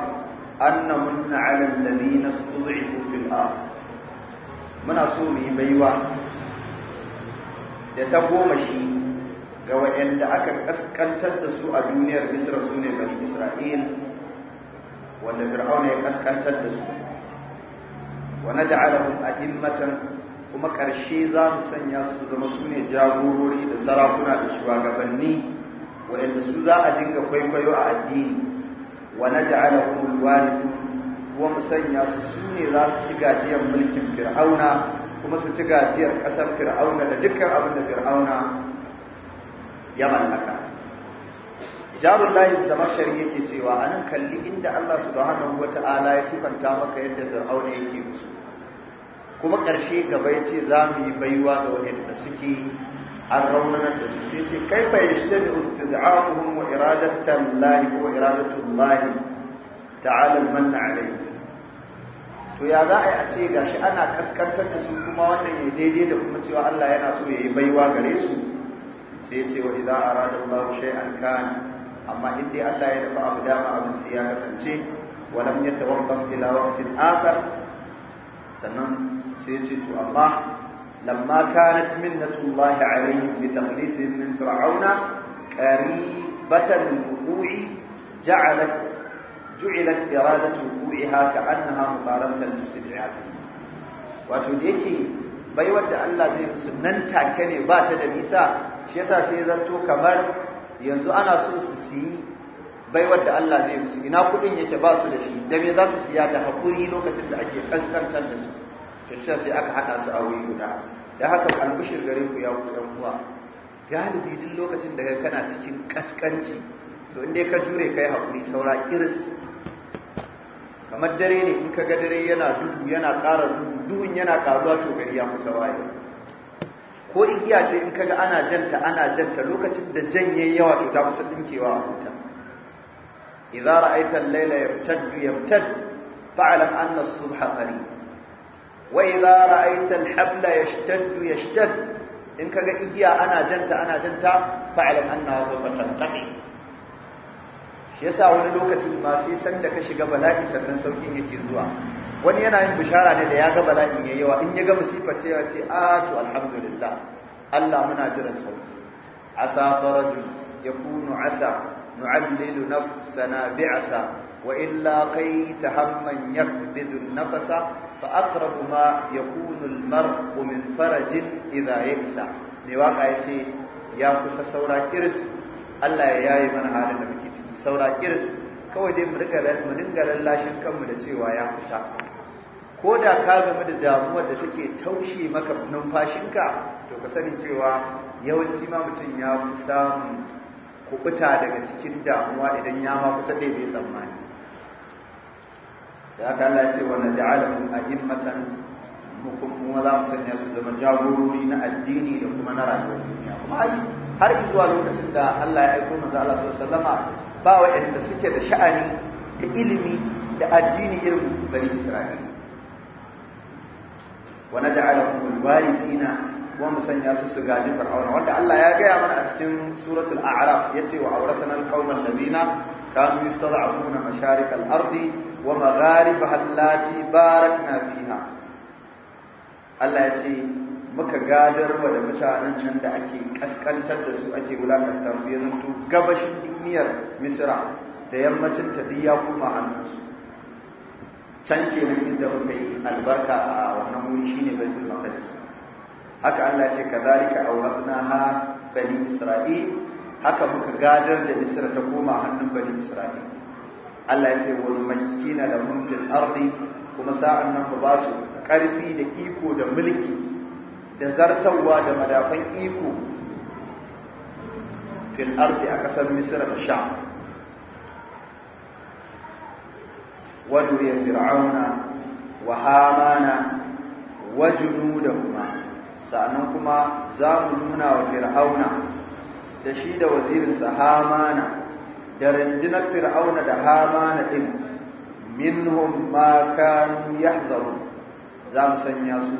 anna munna ala alladhina stud'ifu fil ard muna so mu yi baiwa da ta goma shi ga wayanda aka kaskantar da su a duniyar Isra su ne bani Isra'il wanda Fir'auna ya kaskantar da su wa naj'alahum a'immatan kuma ƙarshe za mu sanya su su zama sune jagorori da sarakuna da shugabanni waɗanda su za a dinga kwaikwayo a addini wa naj'alahum alwarithun kuma mu sanya su su ne za su ci gajiyar mulkin fir'auna kuma su ci gajiyar ƙasar fir'auna da dukkan abin da fir'auna ya mallaka jarun layin zama shari yake cewa a nan kalli inda Allah subhanahu wa ta'ala ya sifanta maka yadda fir'auna yake musu kuma ƙarshe gaba ya ce za mu yi baiwa ga da suke an raunanar da su sai ce kai fa yashtami istid'a'uhum wa iradatan lahi wa iradatun lahi ta'ala manna alai, to ya za a yi a ce gashi ana kaskantar da su kuma wannan ya daidai da kuma cewa Allah yana so ya yi baiwa gare su sai ce wa idan arada Allah shay'an kana amma in dai Allah ya dafa abu dama abin sai ya kasance walam yatawaqqaf ila waqtin akhar sannan sai ce to amma lamma kanat minnatullahi alaihim bi takhlisihim min fir'auna qaribatan al-wuqu'i ja'alat ju'ilat iradatu wuqu'iha ka'annaha muqarabatan lis wato da yake baiwar da Allah zai musu take ne ba ta da nisa shi yasa sai zanto kamar yanzu ana so su siyi baiwar da Allah zai musu ina kudin yake ba su da shi da me za su siya da hakuri lokacin da ake kaskantar da su shashsha sai aka haɗa su a wuri guda da haka albushir gare ku ya ku kuwa? galibi duk lokacin da kana cikin kaskanci to inda ka jure kai hakuri saura iris kamar dare ne in ka ga dare yana duhu yana ƙara duhu duhun yana ƙaruwa to gari ya kusa waye ko igiya ce in kaga ana janta ana janta lokacin da janye yawa to ta kusa dinkewa a huta idza ra'aita al-layla yamtaddu yamtad fa'lam anna as-subha qarib wa idza ra'aita al-habla yashtaddu yashtad in kaga igiya ana janta ana janta fa'lam anna sawfa tantaqi shi yasa wani lokacin ma sai san da ka shiga bala'i sannan saukin yake zuwa wani yana yin bishara ne da ya ga bala'in ya yawa in ya ga musifar ta yawa ce a to alhamdulillah Allah muna jiran sauki asa farajun yakunu asa nu'allilu nafsana bi'asa wa illa kai tahamman yakbidu nafasa fa aqrabu ma yakunu almar'u min farajin idha ya'sa ne waka yace ya kusa saura kiris Allah ya yayi mana halin da muke ciki saura kiris kawai dai mu rika mu dinga lallashin kanmu da cewa ya kusa ko da ka gami da damuwar da take taushe maka numfashinka to ka sani cewa yawanci ma mutum ya fi samun kubuta daga cikin damuwa idan ya ma kusa ɗaya bai tsammani da haka wani ce wa yin matan hukum kuma za mu sanya su zama jagorori na addini da kuma na rayuwar duniya kuma ai har zuwa lokacin da Allah ya aiko manzo Allah sallallahu alaihi ba wa'anda suke da sha'ani da ilimi da addini irin bani Isra'ila wa naj'alukum al-warithina wa musanya su su gaji fir'auna wanda Allah ya gaya mana a cikin suratul a'raf yace wa awrathana al-qauma alladhina kanu yastad'afuna masharik ardi wa magharibaha allati barakna fiha Allah yace muka gadarwa da mutanen can da ake kaskantar da su ake wulakanta su ya zanto gabashin duniyar Misra da yammacin ta diya kuma hannunsu can ke inda muka yi albarka a wannan wuri shine baitul maqdis haka Allah ce kadhalika awratnaha bani isra'il haka muka gadar da Isra ta koma hannun bani isra'il Allah ya ce wal makkina lahum fil ardi kuma sa'an nan ba su karfi da iko da mulki da zartarwa da madafan iko fil ardi a kasar misra da sham wa فرعون وهامان وجنودهما sa'annan kuma za mu nuna wa fir'auna da shi da wazirinsa hamana da rundunar fir'auna da hamana ɗin minhum ma kanu yahzaru za mu sanya su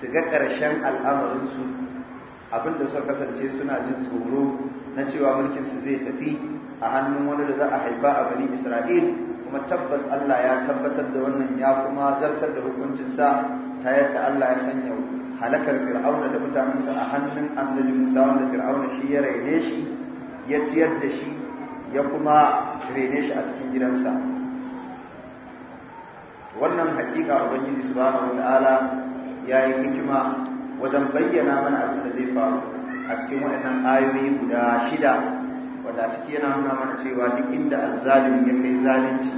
su ga ƙarshen al'amarinsu abinda suka kasance suna jin tsoro na cewa mulkinsu zai tafi a hannun wani da za a haifa a bani isra'il kuma tabbas Allah ya tabbatar da wannan ya kuma zartar da hukuncinsa ta yadda Allah ya sanya halakar fir'auna da mutanensa a hannun annabi Musa wanda fir'auna shi ya raine shi ya ciyar da shi ya kuma raine shi a cikin gidansa wannan haƙiƙa ubangiji subhanahu wataala ya yi hikima wajen bayyana mana abin da zai faru a cikin waɗannan ayoyi guda shida wanda a ciki yana nuna mana cewa duk inda azzalimi ya kai zalunci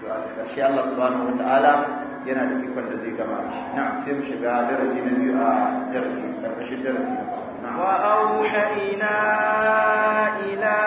to a ƙarshe Allah subhanahu wataala yana da ikon da zai gama shi na'am sai mu shiga darasi na biyu a darasi ƙarƙashin darasi na na'am wa ila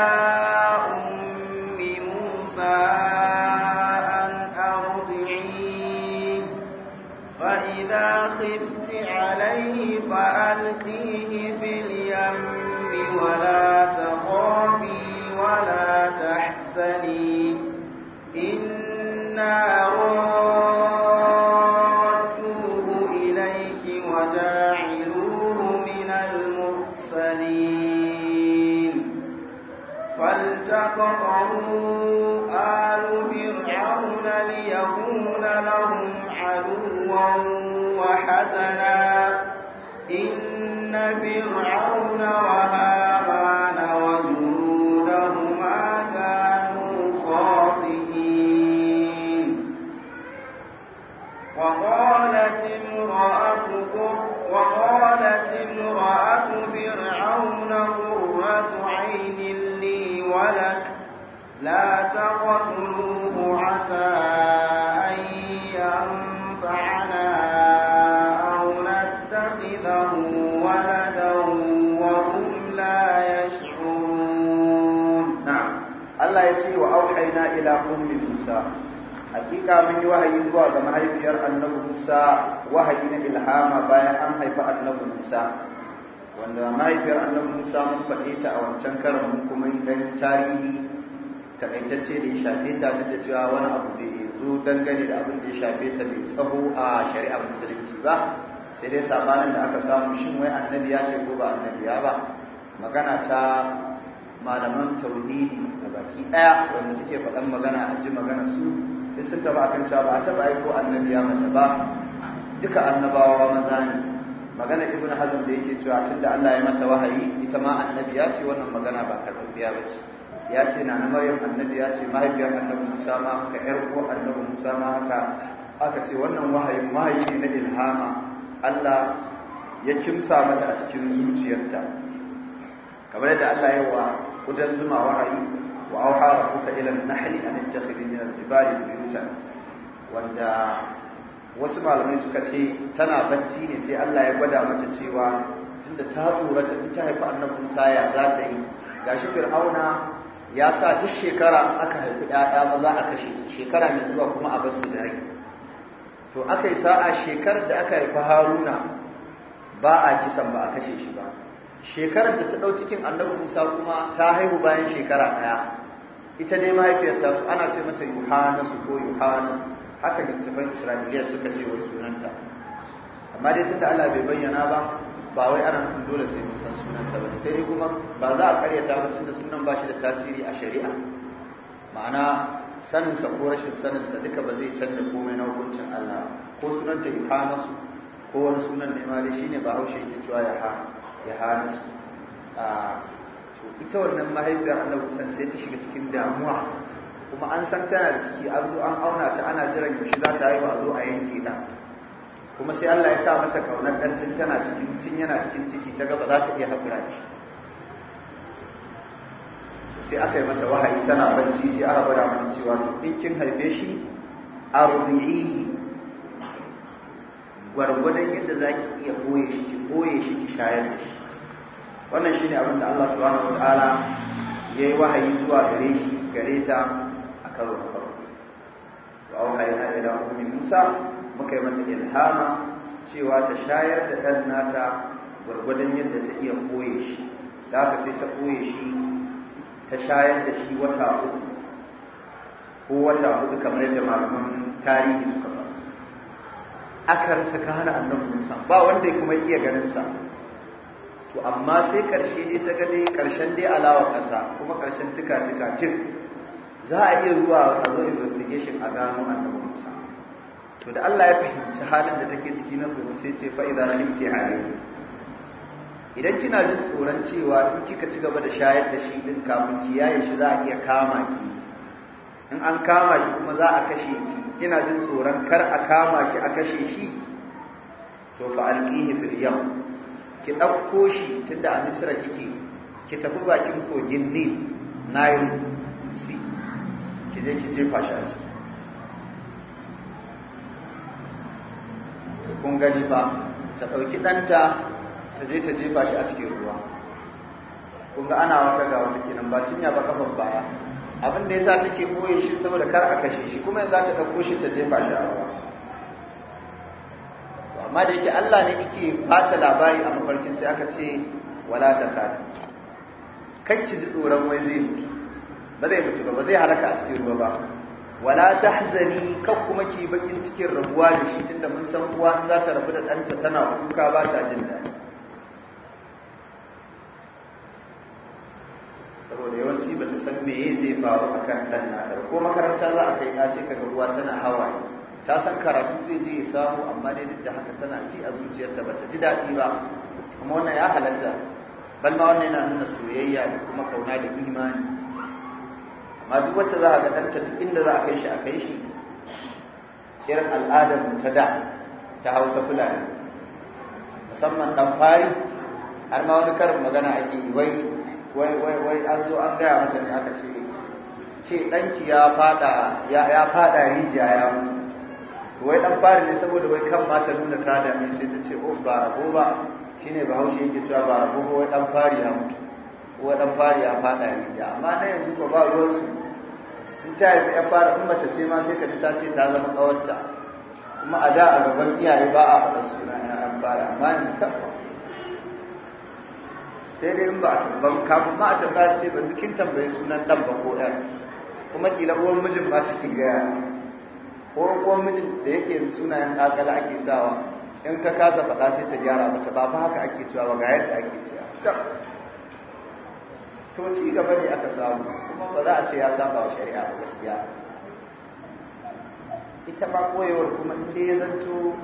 sai dai sabanin da aka samu shin wai annabi ya ce ko ba annabi ya ba magana ta malaman tauhidi da baki daya wanda suke faɗan magana a ji magana su sai sun taba akan cewa ba a taba aiko annabi ya mace ba duka annabawa maza ne magana ibn hazm da yake cewa tunda Allah ya mata wahayi ita ma annabi ya ce wannan magana ba biya ba ce ya ce na na maryam annabi ya ce mahaifiyar annabi musa ma haka yar ko annabi musa ma haka aka ce wannan wahayin wahayi na ilhama Allah ya kimsa mata a cikin zuciyarta kamar yadda Allah ya wa kudan zuma wa'ayi wa auha rabbuka ila an-nahli an tattakhidhi min al-jibali buyutan wanda wasu malamai suka ce tana bacci ne sai Allah ya gwada mata cewa tunda ta tsorata in ta haifi annabi Musa ya za ta yi gashi Fir'auna ya sa duk shekara aka haifi 'ya'ya maza a kashe shekara mai zuwa kuma a bar su da rai to aka yi sa'a shekar da aka haifi haruna ba a kisan ba a kashe shi ba shekarar da ta ɗau cikin annabi musa kuma ta haihu bayan shekara ɗaya ita ne mahaifiyar su ana ce mata yohana su ko yohana haka littafan isra'iliya suka ce wa sunanta amma dai tunda allah bai bayyana ba ba wai ana nufin dole sai mun sunanta ba sai dai kuma ba za a karyata ba da sunan ba shi da tasiri a shari'a ma'ana saninsa ko rashin saninsa duka ba zai canza komai na hukuncin Allah ko sunan ta ko wani sunan ne ma dai shine bahaushe yake cewa ya ha ya nasu a ita wannan mahaifiyar Annabi san sai ta shiga cikin damuwa kuma an san tana da ciki an zo an auna ta ana jiran yaushe za ta haihu a zo a yanke na. kuma sai Allah ya sa mata kaunar ɗan tana cikin tun yana cikin ciki ta ga ba za ta iya haƙura shi sai aka yi mata wahayi tana bacci sai aka bada mana cewa to in kin haife shi arbi'i gwargwadon yadda za ki iya boye shi ki boye shi ki shayar da shi wannan shine abin da Allah subhanahu wataala ya yi wahayi zuwa gare shi gare ta a karo na farko wa na ila ummi Musa muka yi mata ilhama cewa ta shayar da ɗan nata gwargwadon yadda ta iya boye shi da haka sai ta boye shi ta shayar da shi wata uku ko wata hudu kamar yadda malaman tarihi suka faru aka rasa ka hana annabi Musa ba wanda ya kuma iya ganin sa to amma sai karshe dai ta ga karshen dai alawa kasa kuma karshen tuka tuka za a iya zuwa a zo investigation a gano annabi Musa to da Allah ya fahimci halin da take ciki na tsoro sai ce fa idza a alayhi idan kina jin tsoron cewa in kika ci gaba da shayar da shi din kafin ki yaye shi za a iya kama ki in an kama ki kuma za a kashe ki kina jin tsoron kar a kama ki a kashe shi to fa alqihi fil yam ki ɗauko shi tunda a misra kike ki tafi bakin kogin nil nile sea ki je ki jefa shi a ciki kun gani ba ta ɗauki ɗanta ta je ta jefa shi a cikin ruwa kun ana wata ga wata kenan ba cinya ba kafan baya abin da yasa take koyin shi saboda kar a kashe shi kuma yanzu za ta ɗauko shi ta jefa shi a ruwa amma da yake Allah ne yake bata labari a mafarkin sai aka ce wala ta kada kan ki ji tsoron wai zai mutu ba zai mutu ba ba zai halaka a cikin ruwa ba wala ta hazani kan kuma ki bakin cikin rabuwa da shi tunda mun san uwa za ta rabu da ɗanta tana kuka ba ta jin daɗi saboda yawanci ba ta san meye zai faru a kan ɗan nata ko makaranta za a kai na sai kaga ruwa tana hawaye ta san karatu zai je ya samu amma dai duk da haka tana ci a zuciyarta ba ta ji daɗi ba kuma wannan ya halatta bal ma wannan yana nuna soyayya da kuma kauna da imani amma duk wacce za a ga ɗanta duk inda za a kai shi a kai shi Kiran al'adar ta da ta hausa fulani musamman ɗan fari har ma wani karin magana ake yi wai wai wai wai an zo an gaya mata ne aka ce ce ɗanki ya fada ya ya fada rijiya ya mutu wai dan fari ne saboda wai kan mata nuna ta dame sai ta ce oh ba rabo ba shine bahaushe yake cewa ba rabo ba wai dan fari ya mutu wai dan fari ya fada rijiya amma na yanzu ko ba ruwan su in ta yi ya fara in mace ce ma sai ka ji ta ce ta zama kawarta kuma a da a gaban iyaye ba a faɗa suna ya fara amma yanzu tabba sai dai in ba ban kafin ma a tambaya sai ba zikin tambayi sunan dan ba ko ɗan kuma kila uwan mijin ba cikin gaya ko uwan mijin da yake sunayen ɗakala ake sawa in ta kasa faɗa sai ta gyara mata ba fa haka ake cewa ba ga yadda ake cewa to ci gaba ne aka samu kuma ba za a ce ya saba wa shari'a ba gaskiya ita ba koyewar kuma in dai ya zanto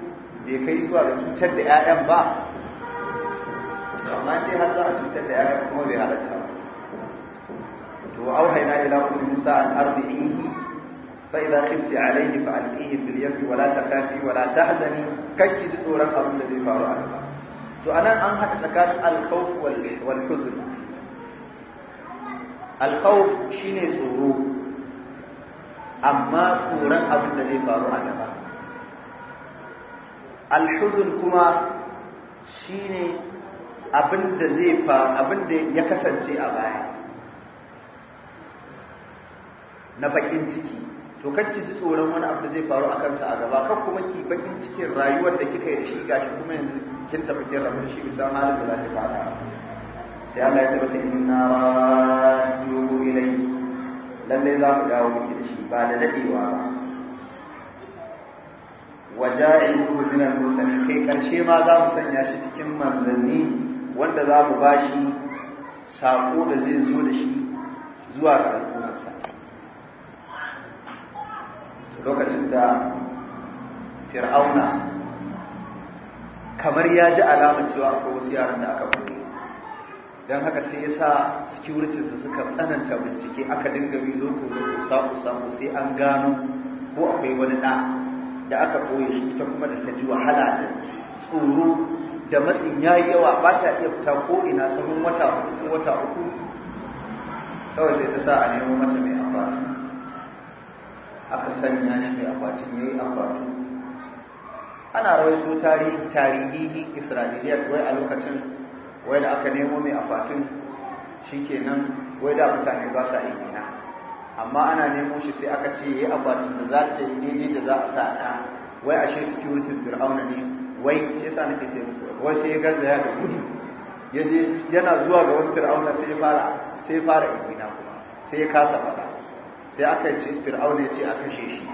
bai kai zuwa da cutar da 'ya'yan ba amma dai har za a cutar da yaran kuma bai halatta ba to auhayna ila ummi musa an arbi'ihi fa idza khifti alayhi fa alqihi fil yabbi wa la takafi wa la tahzani kakki ji tsoron abin da zai faru a gaba to anan an hada tsakanin al-khawf wal huzn al-khawf shine tsoro amma tsoron abin da zai faru a gaba al-huzn kuma shine Abinda zai fa abinda ya kasance a baya na bakin ciki to ki ji tsoron wani abu da zai faru a kansa a gaba kan kuma ki bakin cikin rayuwar da kika yi da shi gashi kuma yanzu kin tafi kin rabu da shi bisa halin da za ki fada sai Allah ya ce mata inna rajiu ilayhi lalle za mu dawo miki da shi ba da dadewa ba waja'iluhu min al-mursalin kai karshe ma za mu sanya shi cikin manzanni wanda za mu ba shi sako da zai zo da shi zuwa ga al'ummarsa lokacin da fir'auna kamar ya ji alamar cewa akwai wasu yaran da aka buɗe don haka sai ya sa securitinsa suka tsananta bincike aka dinga bi loko-loko sako-sako sai an gano ko akwai wani ɗa da aka koye shi ita kuma da ta ji wahala da tsoro da matsin ya yi yawa ba ta iya fita ko ina samun wata uku wata uku kawai sai ta sa a nemo mata mai akwati aka sanya shi mai akwatin ya yi akwatu ana rawaito tarihi tarihi isra'iliya wai a lokacin wai da aka nemo mai akwatin shi kenan wai da mutane ba sa yi gina amma ana nemo shi sai aka ce ya yi akwatin da za ta yi daidai da za a sa ɗa wai ashe security fir'auna ne wai shi yasa nake ce muku wai sai ya garzaya da gudu yaje yana zuwa ga wani fir'auna sai ya fara sai ya fara igina kuma sai ya kasa faɗa sai aka ce fir'auna ya ce a kashe shi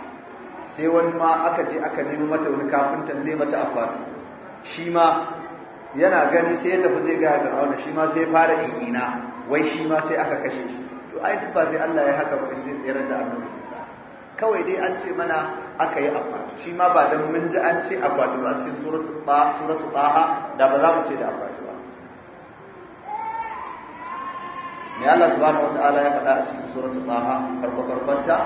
sai wani ma aka je aka nemi mata wani kafintan zai mata akwati shi ma yana gani sai ya tafi zai gaya fir'auna shi ma sai ya fara igina wai shi ma sai aka kashe shi to ai duk ba sai Allah ya haka ba in zai tsere da annabi Musa kawai dai an ce mana aka yi akwati shi ma ba don mun ji an ce akwati ba a cikin suratu taha da ba za mu ce da akwati ba ne Allah subhanahu ala ya faɗa a cikin suratu taha farko farkonta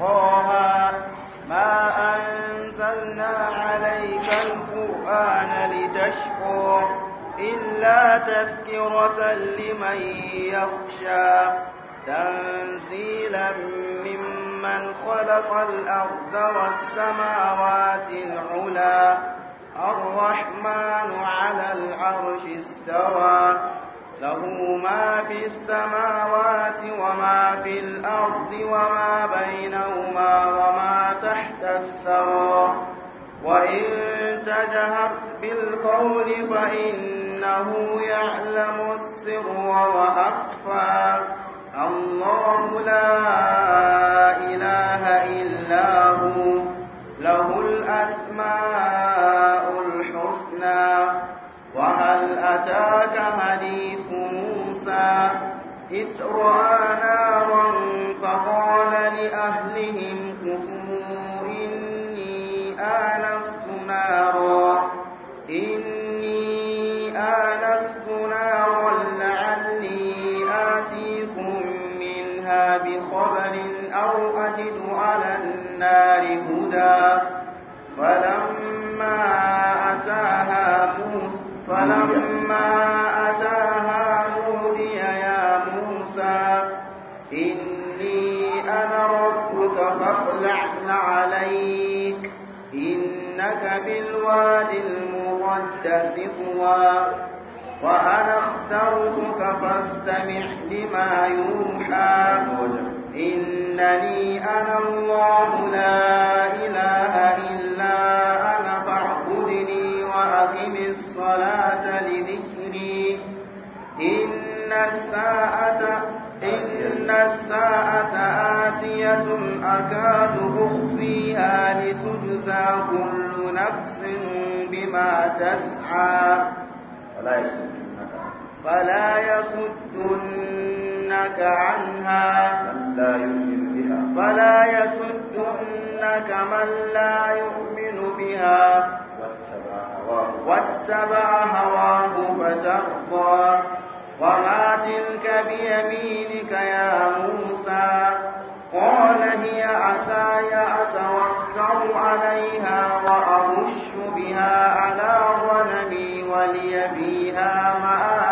Oha ما أنزلنا na القرآن illa إلا تذكرة لمن يخشى تنزيلا ممن خلق الأرض والسماوات العلا الرحمن على العرش استوى له ما في السماوات وما في الأرض وما بينهما وما تحت الثرى وإن تجهر بالقول فإنه يعلم السر وأخفى الله لا إله إلا هو له الأسماء الحسنى وهل أتاك حديث موسى إذ رأى نارا فقال لأهلهم كفوا إني آنست نارا بخبر أو أجد على النار هدى فلما أتاها موسى فلما أتاها نودي يا موسى إني أنا ربك فاخلع عليك إنك بالوادي المقدس طوى وأنا اخترتك فاستمع لما يوحى إنني أنا الله لا إله إلا أنا فاعبدني وأقم الصلاة لذكري إن الساعة إن الساعة آتية أكاد أخفيها لتجزى كل نفس بما تسعى ولا يسمع فلا يصدنك عنها من لا يؤمن بها فلا يصدنك من لا يؤمن بها واتبع هواه فترضى وما تلك بيمينك يا موسى قال هي عساي أتوكل عليها وأهش بها على غنمي ولي فيها مآب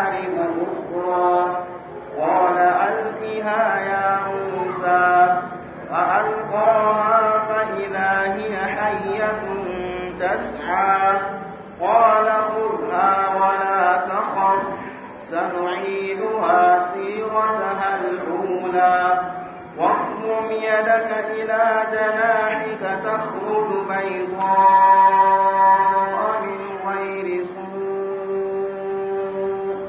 قال خذها ولا تخف سنعيدها سيرتها الأولى واضم يدك إلى جناحك تخرج بيضاء من غير سوء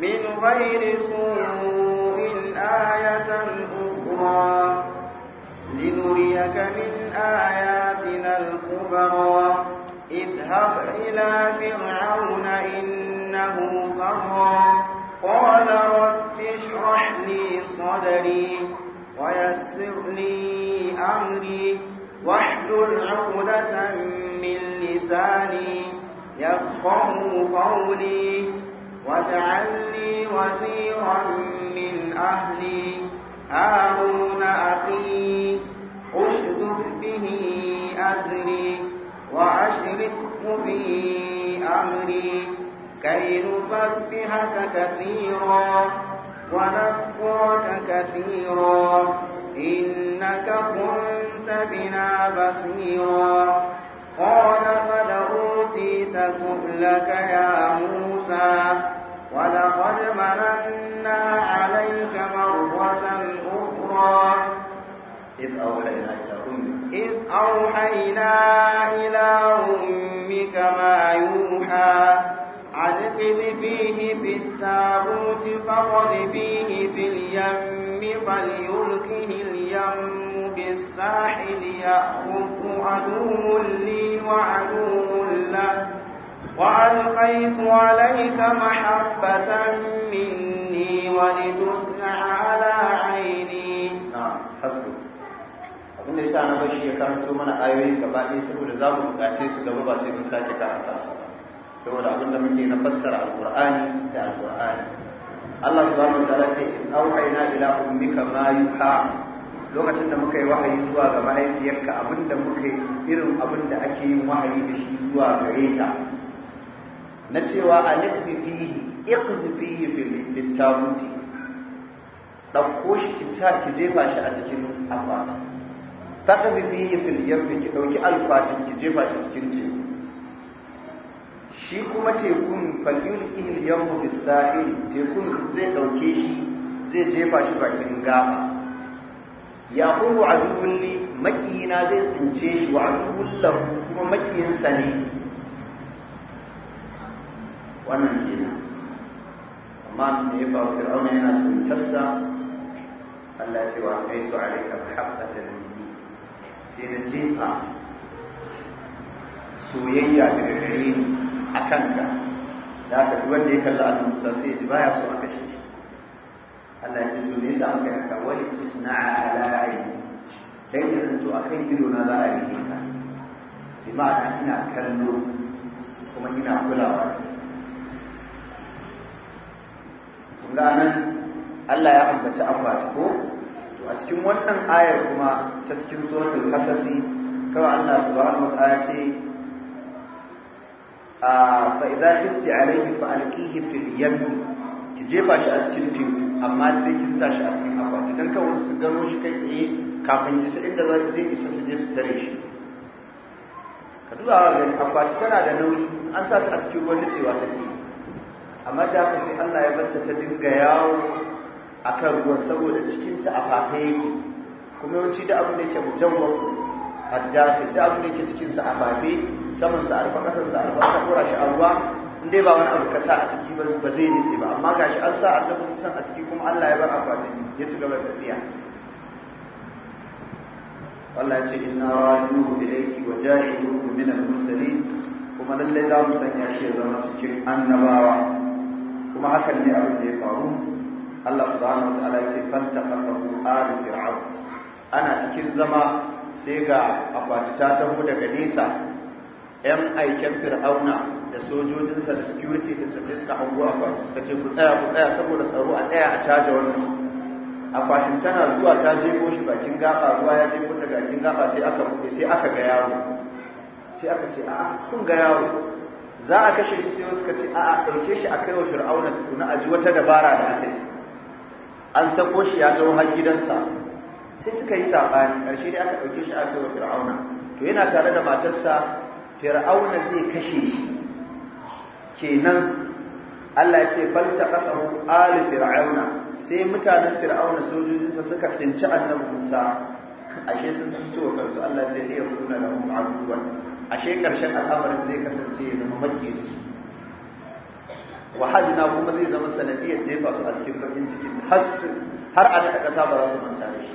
من غير سوء آية أخرى لنريك من من آياتنا الكبرى اذهب إلى فرعون إنه طغى قال رب اشرح لي صدري ويسر لي أمري واحلل عقدة من لساني يفقه قولي واجعل لي وزيرا من أهلي هارون أخي اشدد به أزري وأشركه في أمري كي نسبحك كثيرا ونذكرك كثيرا إنك كنت بنا بصيرا قال قد أوتيت سؤلك يا موسى ولقد مننا عليك مرة أخرى إذ أوحينا إلى أمك إذ أوحينا إلى أمك ما يوحى عن فيه في التابوت فقد فيه في اليم فليلقه اليم بالساحل يأخذ عدو لي وعدو له وألقيت عليك محبة مني ولتصنع yasa na bashi ya karanto mana ayoyin gaba ɗaya saboda za mu buƙace su gaba ba sai mun sake karanta su saboda abin da muke na fassara alƙur'ani da alƙur'ani Allah subhanahu wa ta'ala ce in auhayna ila ummika ma yuha lokacin da muka yi wahayi zuwa ga mahaifiyarka abin da muka yi irin abin da ake yin wahayi da shi zuwa gare ta na cewa a fihi iqdi fihi fil tabuti ɗauko shi ki jefa shi a cikin akwati taqdhihi filiyar da ki dauki alfatin ki jefa shi cikin teku shi kuma tekun falyulqihil yammu mu sahil tekun zai dauke shi zai jefa shi bakin gaba ya qulu a li makiyina zai tsince shi wa a lahu kuma makiyinsa ne wannan kenan amma me ya faru fir'auna yana tsintarsa Allah ya ce wa aitu alayka bi haqqatin sai na jefa soyayya daga gare ni a kanka da aka duk wanda ya kalla annabi Musa sai ya ji baya so a kashe shi Allah ya ce to me yasa an kai ka wali tusna'a ala aini zan ya zanto kan gido na za a rike ka bi ma'ana ina kallo kuma ina kulawa kun ga nan Allah ya ambaci ambata ko a cikin wannan ayar kuma ta cikin suratul qasasi kawai Allah subhanahu wataala ya ce fa idza khifti alayhi fa alqihi fil yam ki jefa shi a cikin teku amma sai kin sa shi a cikin akwati dan kawai su gano shi kai tsaye kafin isa inda zai isa su je su tare shi ka duba wa gani akwati tana da nauyi an sa ta a cikin ruwan nutsewa take amma da haka sai Allah ya ta ta dinga yawo a kan ruwan saboda cikinta a fata yake kuma yawanci da abin da yake mujawar addasi da abin da yake cikinsa a fafe samansa a rufa ƙasarsa a rufa ta kora shi a ruwa in ba wani abu ka sa a ciki ba zai nitse ba amma gashi an sa annabi musan a ciki kuma Allah ya bar akwatin ya ci gaba da tafiya Allah ya ce inna rajuhu ilayki wa ja'iluhu min al-mursalin kuma lallai za mu sanya shi ya zama cikin annabawa kuma hakan ne abin da ya faru Allah subhanahu wa ta'ala ce ce fantaqahu ali fir'aun ana cikin zama sai ga akwati ta taho daga nesa yan aiken fir'auna da sojojinsa da security din sai suka hango akwati suka ce ku tsaya ku tsaya saboda tsaro a tsaya a caja wannan akwatin tana zuwa ta jefo shi bakin gafa ruwa ya jefo daga bakin gafa sai aka buɗe sai aka ga yaro sai aka ce a'a kun ga yaro za a kashe shi sai suka ce a'a ɗauke shi a kai wa fir'auna tukuna a ji wata dabara da aka yi an sako shi ya zo har gidansa sai suka yi sabani Karshe dai aka ɗauke shi a kai wa fir'auna to yana tare da matarsa fir'auna zai kashe shi kenan Allah ya ce bal taqatahu ali fir'auna sai mutanen fir'auna sojojinsa suka tsinci annabi Musa ashe sun wa kansu Allah ya ce ne ya kuna da abuwan ashe karshen al'amarin zai kasance ya zama makiyaci na kuma zai zama sanadiyar jefa su a cikin bakin cikin har a daga ƙasa ba za su manta da shi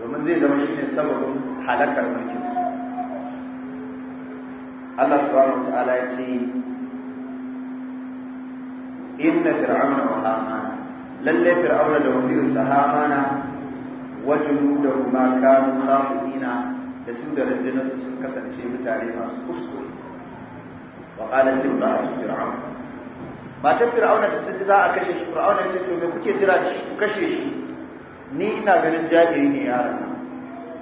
domin zai zama shi ne sababin halakar mulkin su Allah subhanahu wa ta'ala ya ce inna fir'auna wa hamana lalle fir'auna da wazirin sa hamana wa junudahu ma kanu khafina da su da rundunar su sun kasance mutane masu kuskure wa qalat imra'atu fir'auna matan fir'auna ta ce za a kashe shi fir'auna ce to me kuke jira shi ku kashe shi ni ina ganin jahiri ne yaron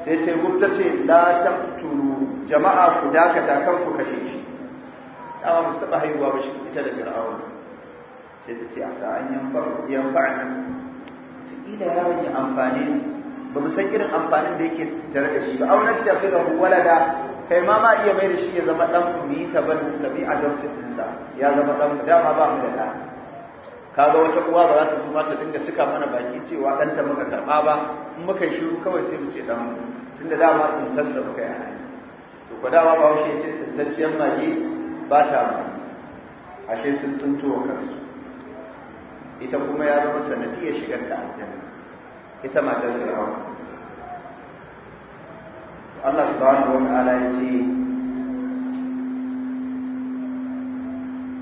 sai ce gurta ce la taqtulu jama'a ku dakata kan ku kashe shi amma ba su taba haihuwa ba shi ita da fir'auna sai ta ce a sa an yanfa ne ta ila yaron ya amfani ba mu san irin amfanin da yake tare da shi ba auna ta fi da kai ma ma iya mai da shi ya zama dan mu yi ta ban sabi a dautin ɗinsa ya zama dan mu dama ba mu da ɗa kaga wata uwa ba za ta kuma ta dinga cika mana baki cewa dan ta muka karba ba in muka yi shiru kawai sai mu ce dan mu tunda dama tassa muka yi to ko dama ba ya ce tantacciyar mage ba ta ba. ashe sun tsinto kansu ita kuma ya zama sanadiyar shigar ta aljanna ita matar fir'auna Allah subhanahu wa ta'ala ya ce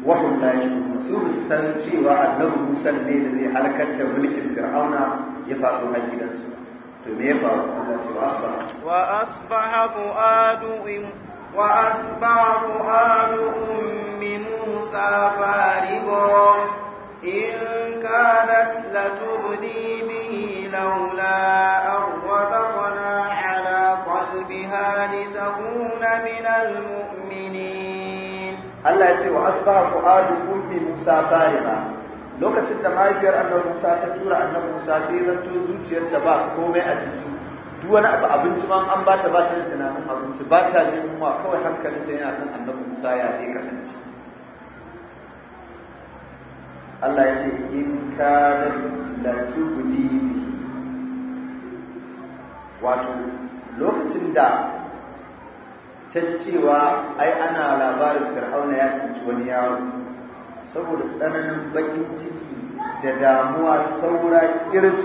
wahun la yashkurun su san cewa annabi Musa ne da zai halakar da mulkin Fir'auna ya faɗo a gidansu to me ya faru Allah ce wa asbaha wa asbaha fuadu wa asbaha fuadu ummi Musa farigon إن كانت لتبني به لولا أن ربطت القرآن تكون من المؤمنين الله يتي وأصبح Musa أم lokacin da mahaifiyar annabi Musa ta tura annabi Musa sai zanto zuciyarta ba komai a jiki duk wani abu abinci ma an bata ba ta da tunanin abinci ba ta jin yunwa kawai hankalinta yana kan annabi Musa ya zai kasance Allah ya ce in ka la tubli wato lokacin da ta ji cewa ai ana labarin fir'auna ya tsinci wani yaro saboda tsananin bakin ciki da damuwa saura iris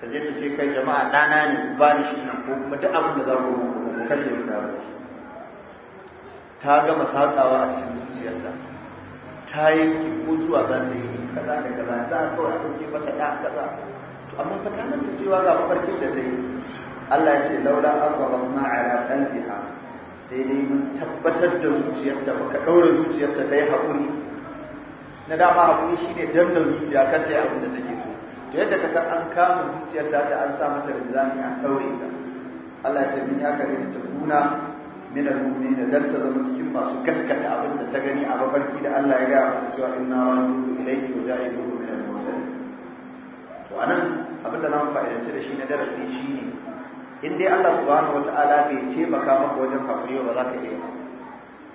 ta je ta ce kai jama'a dana ne ba ni shi nan ko kuma duk abin da za ku ku kashe ni da shi ta gama saƙawa a cikin zuciyarta ta yi ko zuwa za ta yi kaza da kaza za a kawai a ɗauke mata ɗa kaza to amma fa ta cewa ga mafarkin da ta yi Allah ya ce laula aqrabatna ala qalbiha sai dai mun tabbatar da zuciyarta baka daura zuciyarta ta yi hakuri na dama hakuri shine da zuciya kan ta yi abin da take so to yadda ka san an kama zuciyarta ta an sa mata rinzami an daure ta Allah ya ce min ya kare ta tabuna min al-mu'minina dan ta zama cikin masu gaskata abin da ta gani a mafarki da Allah ya ga mata cewa inna radu ilayki wa za'idu min al to anan abin da zamu fa'idanci da shi na darasi shine in dai Allah subhanahu ta'ala bai taimaka maka wajen hakuri ba za ka iya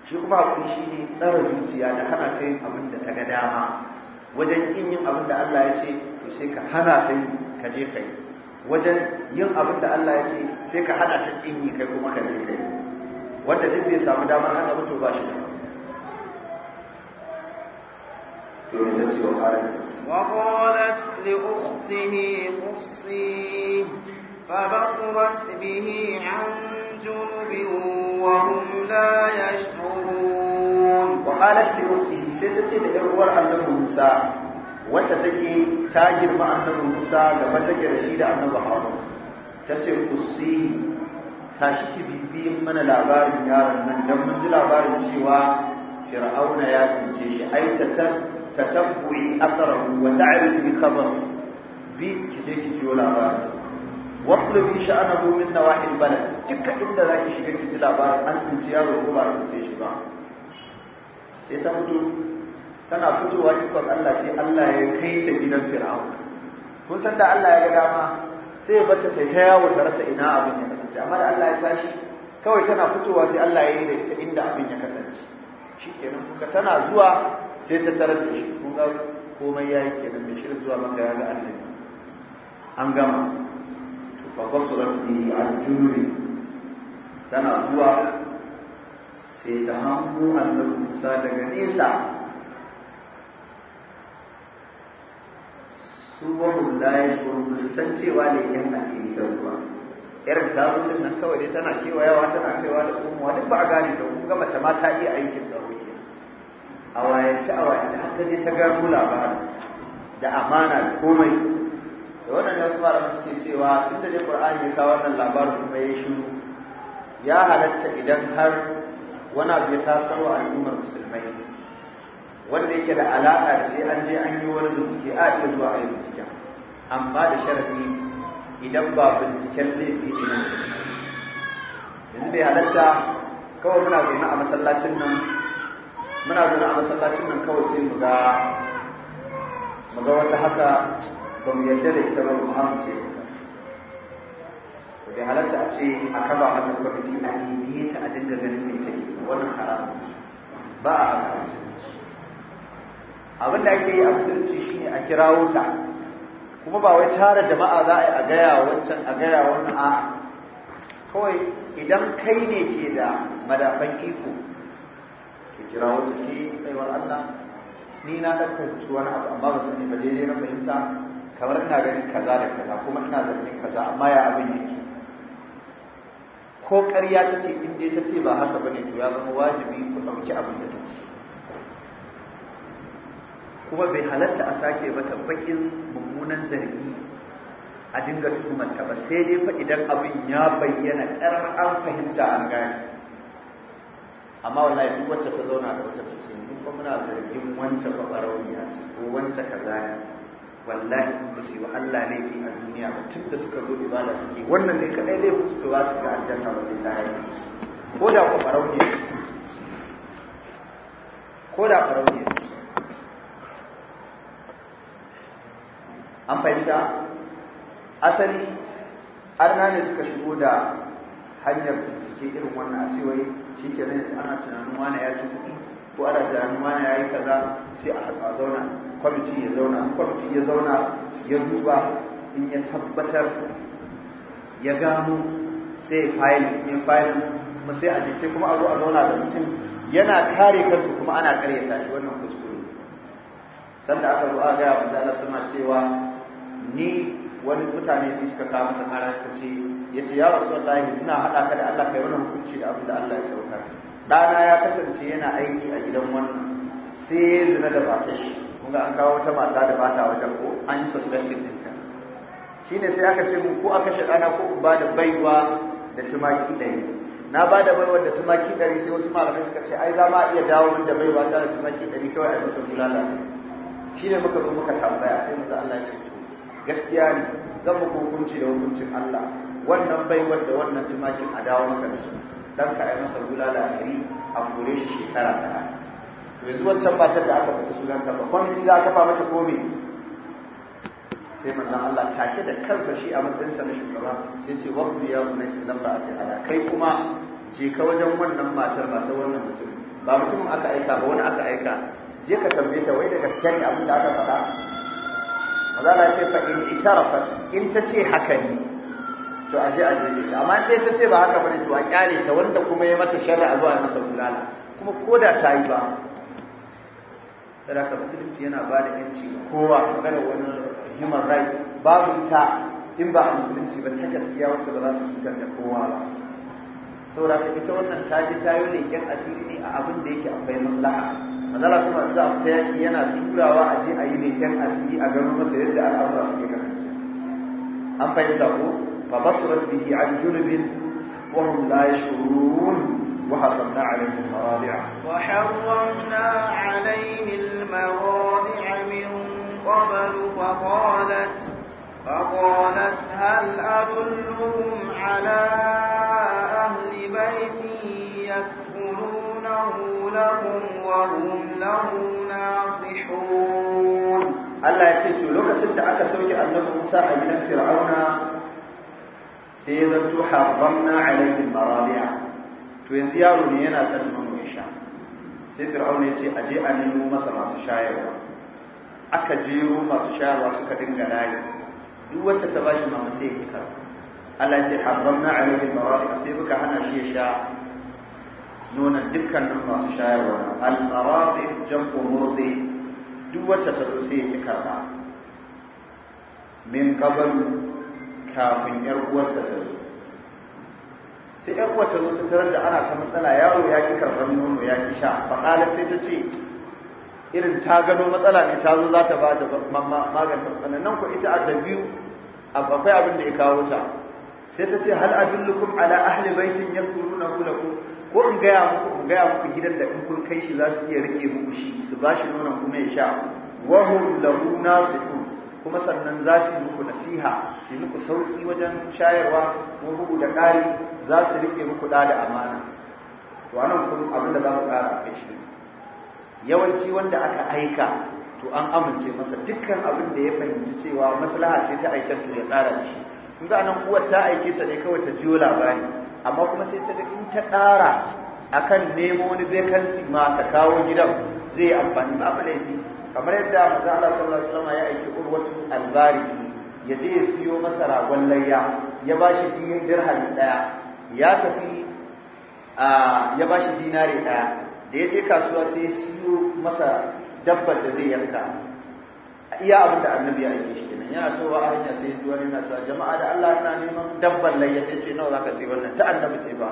shi kuma hakuri shi ne tsara zuciya da hana ta yin abin da ta ga dama wajen yin yin abin da Allah ya ce to sai ka hana ta yi ka je ka yi wajen yin abin da Allah ya ce sai ka hana ta kin yi kai kuma ka je ka yi wanda duk bai samu damar hana mutu ba shi da ne ta ce wa ƙarin وقالت لأخته قصيه فبصرت به عن جنب وهم لا يشعرون وقالت لأخته ستتي لإرور أنه موسى وتتكي تاجر مع أنه موسى كما تكي رشيد أنه هارون تتي قصيه tashi ki bibi mana labarin yaron nan don mun ji labarin cewa fir'auna ya tsince shi ai tatabbu'i atharahu wa ta'rifu bi khabar bi kije ki jo labarin waɗanda bi sha'an abubuwan na wahil bala dukkan inda za ki shiga ki ji labarin an tsinci yaro ko ba tsinci shi ba sai ta mutu, tana fitowa ikon Allah sai Allah ya kai ta gidan fir'aun kun san da Allah ya ga dama sai ya bata ta ta yawo ta rasa ina abin ya kasance amma da Allah ya tashi kawai tana fitowa sai Allah ya yi da ita inda abin ya kasance shikenan kuka tana zuwa sai ta tarar da shi kun ga komai ya yi kenan mai shirin zuwa manga ya ga Allah an gama فقصرت به عن جنوب تنا tana zuwa sai ta hango annabi Musa daga nesa su wahun san cewa ne ta ruwa irin ta nan kawai dai tana kewayawa tana kaiwa da komowa duk ba a gane ta ga mace ma ta iya aikin tsaro ke a wayance a wayance har ta je ta gano labarin da amana da komai da waɗanda wasu malamai suke cewa tun da dai qur'ani ya kawo wannan labarin kuma ya shiru ya halatta idan har wani abu ya tasarwa al'ummar musulmai wanda yake da alaƙa da sai an je an yi wani bincike a iya zuwa a yi binciken amma da sharadi idan ba binciken laifi ne na yanzu bai halatta kawai muna zaune a masallacin nan muna zaune a masallacin nan kawai sai mu ga mu ga wata haka ba mu yarda da ita ba mu amince da ita to bai halatta a ce a kaba mata kwamiti a bibiye ta a dinga ganin mai take wannan haramun ba a haka abin da ake yi a musulunci shine a kirawo ta kuma ba wai tara jama'a za a yi a gaya wancan a gaya wannan a kawai idan kai ne ke da madafan iko ke kira wata ke tsayuwar Allah ni na ɗauka wani abu amma ba su ne ba daidai na fahimta kamar ina ganin kaza da kaza kuma ina zargin kaza amma ya abin yake ko ƙarya take in ta ce ba haka bane to ya zama wajibi ku ɗauki abin da ta ce kuma bai halatta a sake mata bakin mummunan zargi a dinga tuhumarta ba sai dai fa idan abin ya bayyana ƙarar an fahimta an gane amma wallahi duk wacce ta zauna da wacce ta ce mun muna zargin wancan babarauniya ce ko wancan kaza ne wallahi in ba su yi wa Allah ne a duniya ba tun da suka zo ibada suke wannan ne kadai laifin su ba su ga aljanna ba sai ta haifi ko da ku farau ne ko da farau ne an fahimta asali arna ne suka shigo da hanyar bincike irin wannan a cewa shi ke ana tunanin wani ya ci kuɗi ko ana tunanin wani ya yi kaza sai a zauna kwamiti ya zauna kwamiti ya zauna ya duba in ya tabbatar ya gano sai fayil ne fayil kuma sai a je sai kuma a zo a zauna da mutum yana kare kansu kuma ana karyata shi wannan kuskure sanda aka zo a gaya manzo Allah sama cewa ni wani mutane ne suka kawo masa kara suka ce yace ya rasulullahi ina hada ka da Allah kai wannan hukunci da abin da Allah ya saukar dana ya kasance yana aiki a gidan wannan sai zina da batashi kuma an kawo wata mata da bata wajen ko an yi suspended Shi shine sai aka ce mun ko aka shi ɗana ko in ba da baiwa da tumaki ɗari na ba da baiwa da tumaki ɗari sai wasu malamai suka ce ai za ma iya dawo min da baiwa ta da tumaki ɗari kawai a bisa bulala ne shine muka zo muka tambaya sai muka Allah ya ce gaskiya ne zan muku hukunci da hukuncin Allah wannan baiwar da wannan tumakin a dawo maka da su dan ka ai masa bulala ɗari a kore shi shekara ɗaya yanzu wancan matar da aka sunan sunanta ba kwamiti za a kafa mata ko me sai manzon Allah take da kansa shi a matsayinsa na shugaba sai ce wabdu ya bunai sallam ba a ce ala kai kuma je ka wajen wannan matar ba ta wannan mutum ba mutumin aka aika ba wani aka aika je ka tambaye ta wai daga gaske abin da aka faɗa maza na ce fa'in in itarafat in ta ce haka ne to a je a je ta amma in ta ce ba haka bane to a kyale ta wanda kuma ya mata shari'a zuwa masa bulala kuma ko da ta yi ba sadaka musulunci yana ba da yanci kowa magana wani human right babu ita in ba a musulunci ba ta gaskiya wacce ba za ta cutar da kowa ba saboda ka ita wannan ta je ta yi leƙen asiri ne a abin da yake akwai maslaha manzala su masu za a ta yaƙi yana turawa a je a yi leƙen asiri a garin masa yadda al'amura suke kasance an fahimta ko fa basurat bihi an junubin wa hum la yashurun وحرمنا عليهم مراضع وحرمنا عليهم مواضع من قبل فقالت فقالت هل أدلهم على أهل بيت يكفلونه لهم وهم له ناصحون الله يتجو لو كنت أنت أكسوك أنه مساء إلى فرعون سيدة حرمنا عليهم مراضع تو yanzu yaro ne yana sanin manomin sai fir'auna ya ce a je a nemo masa masu shayarwa aka jero masu shayarwa suka dinga layi duk wacce ta bashi mama sai ya kar Allah ce haramna alaihi marafiq sai muka hana shi ya sha nonon dukkanin masu shayarwa al-marafiq jam'u murdi duk wacce ta zo sai ya karba min qabl kafin ƴar uwarsa ta zo sai yan uwa ta ta tarar da ana ta matsala yaro ya ki karɓar nono ya ki sha faɗalar sai ta ce irin ta gano matsala ne ta zo za ta ba da maganta matsala nan ku ita a da biyu akwai abin da ya kawo ta sai ta ce hal adullukum ala ahli baitin kula ku. ko in gaya muku in gaya muku gidan da in kun kai shi za su iya rike muku shi su ba shi nonon kuma ya sha wa hum lahu kuma sannan za su muku nasiha su muku sauƙi wajen shayarwa ko bugu da ƙari za su riƙe muku da da amana to anan kuma abin za mu ƙara kai shi yawanci wanda aka aika to an amince masa dukkan abin da ya fahimci cewa maslaha ce ta aikin to ya tsara da shi kun ga anan uwar ta aike ta ne kawai ta jiyo labari amma kuma sai ta ga in ta ƙara akan nemo wani vacancy ma ta kawo gidan zai yi amfani ba laifi kamar yadda manzo Allah sallallahu alaihi wasallam ya aiki urwatul albariki ya je ya siyo masa ragon layya ya bashi dinar dirhami daya ya tafi a ya bashi dinare daya da ya je kasuwa sai ya siyo masa dabbar da zai yanka iya abin da annabi ya aike shi kenan yana cewa a hanya sai duwa yana cewa jama'a da Allah yana neman dabbar layya sai ce nawa zaka sai wannan ta annabi ce ba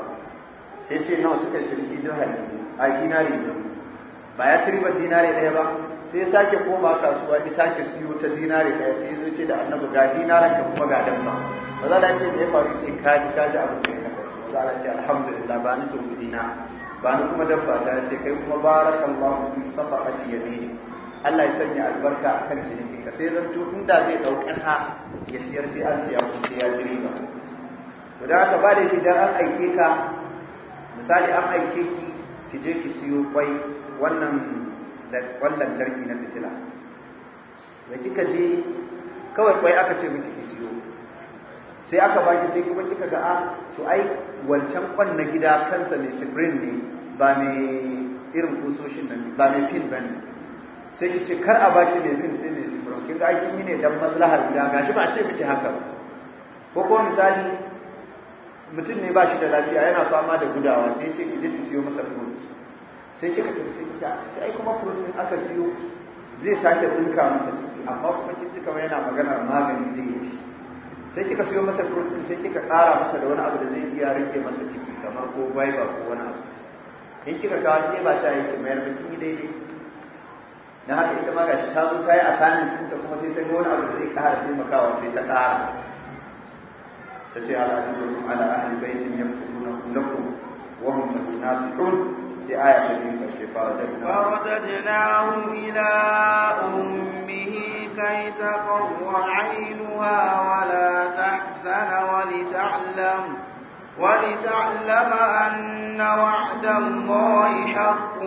sai ce nawa suka shirki dirham a dinari ba ya ci ribar dinare daya ba sai sake koma kasuwa ya sake siyo ta dinari ɗaya sai zai ce da annabi ga dinaran ka kuma ga dan ba ba za da ce da ya faru ce kaji kaji abin da ya kasance ba za da ce alhamdulillah ba ni to dina ba ni kuma dabba ta ce kai kuma barakallahu fi safaqati yamini Allah ya sanya albarka akan ciniki ka sai zanto inda zai dau kasa ya siyar sai an siya ku sai ya ci riba to da haka ba da shi dan an aike ka misali an aike ki ki je ki siyo kwai wannan wannan lantarki na fitila da kika je kawai kwai aka ce miki ki siyo sai aka baki sai kuma kika ga a ah, to ai wancan kwan na gida kansa mai spring ne ba mai irin kusoshin nan ba mai pin ba ne sai ki ce kar a baki mai pin sai mai spring kin ga aikin yi ne dan maslahar gida gashi ba a ce miki haka ba ko kuma misali mutum ne ba shi da lafiya yana fama da gudawa sai ce ki je ki siyo masa fruits sai kika tafi sai kika ta ai kuma protein aka siyo zai sake dinka masa ciki amma kuma kici kamar yana maganar magani zai yi sai kika siyo masa protein sai kika ƙara masa da wani abu da zai iya rike masa ciki kamar ko fiber ko wani abu in kika kawo ke ba ta yi ki mayar ba yi daidai na haka ita ma gashi ta zo ta yi asanin cikin ta kuma sai ta ga wani abu da zai ƙara taimakawa sai ta ƙara ta ce ala ahli ala ahli baitin yakutunakum lakum wa hum takunasihun آية فرددناهم إلى أمه كي تقر عينها ولا تحزن ولتعلم ولتعلم أن وعد الله حق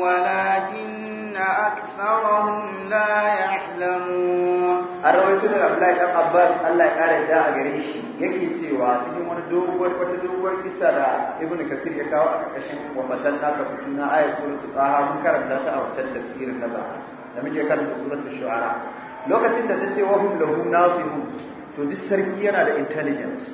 ولكن ولكن أكثرهم لا يعلمون أرويتون عبد الله بن عباس الله يقال دا غريشي yake cewa cikin wani doguwar wata doguwar kisa da Ibn kasir ya kawo a karkashin wamatan naka fituna ayat suratul taha mun karanta ta a wancan tafsirin na ba da muke karanta suratul shu'ara lokacin da ta ce wa wahum lahu nasihu to duk sarki yana da intelligence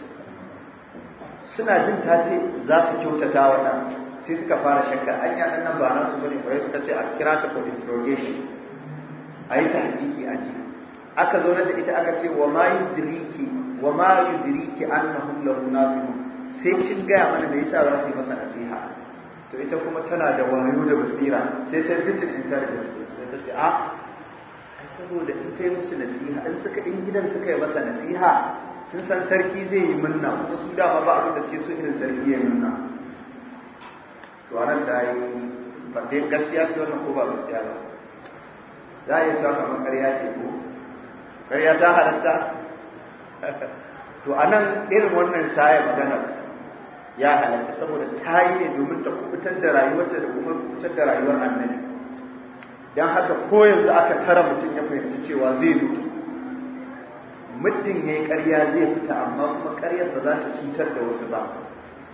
suna jin ta ce za su kyautata wannan sai suka fara shakka an yi nan ba nasu bane kwarai suka ce a kira ta for interrogation a yi ta hakiki a ji aka zo da ita aka ce wa ma diriki wa ma yudriki annahum nasu nasihun sai kin gaya mana me yasa za su yi masa nasiha to ita kuma tana da wayo da basira sai ta yi fitin intelligence din sai ta ce a saboda in ta yi musu nasiha in suka in gidan suka yi masa nasiha sun san sarki zai yi munna kuma su dama ba abin da suke so irin sarki ya yi munna to anan ta yi ba dai gaskiya ce wannan ko ba gaskiya ba za a yi cewa kamar ƙarya ce ko ƙarya ta halatta [LAUGHS] to anan irin wannan saya magana ya halatta saboda ta yi ne domin ta kubutar da rayuwarta da kuma kubutar da rayuwar annabi don haka ko yanzu aka tara mutum ya fahimci cewa zai mutu muddin ya yi ƙarya zai fita amma kuma ƙaryar ba za ta cutar da wasu ba